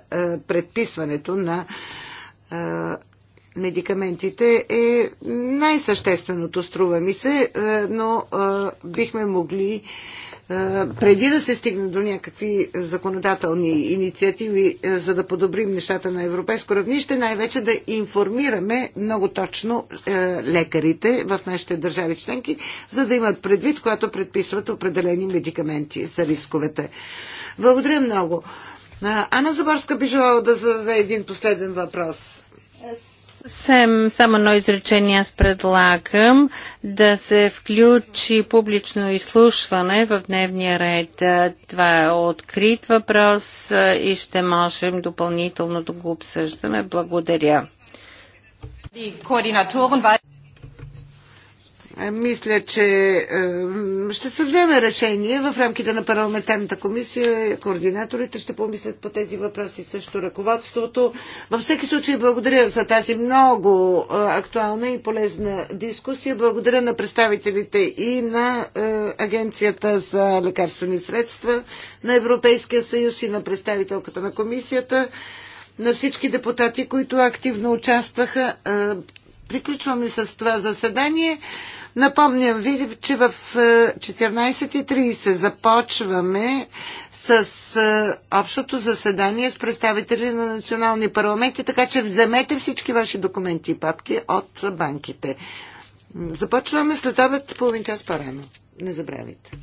предписването на медикаментите е най-същественото, струва ми се, но бихме могли преди да се стигне до някакви законодателни инициативи, е, за да подобрим нещата на европейско равнище, най-вече да информираме много точно е, лекарите в нашите държави членки, за да имат предвид, когато предписват определени медикаменти за рисковете. Благодаря много. Ана Заборска би желала да зададе един последен въпрос. Съвсем само едно изречение аз предлагам да се включи публично изслушване в дневния ред. Това е открит въпрос и ще можем допълнително да го обсъждаме. Благодаря. Е, мисля, че е, ще се вземе решение в рамките на парламентарната комисия. Координаторите ще помислят по тези въпроси, също ръководството. Във всеки случай благодаря за тази много е, актуална и полезна дискусия. Благодаря на представителите и на Агенцията за лекарствени средства на Европейския съюз и на представителката на комисията, на всички депутати, които активно участваха. Приключваме с това заседание. Напомням ви, че в 14.30 е, започваме с е, общото заседание с представители на национални парламенти, така че вземете всички ваши документи и папки от банките. Започваме след обед половин час по-рано. Не забравяйте.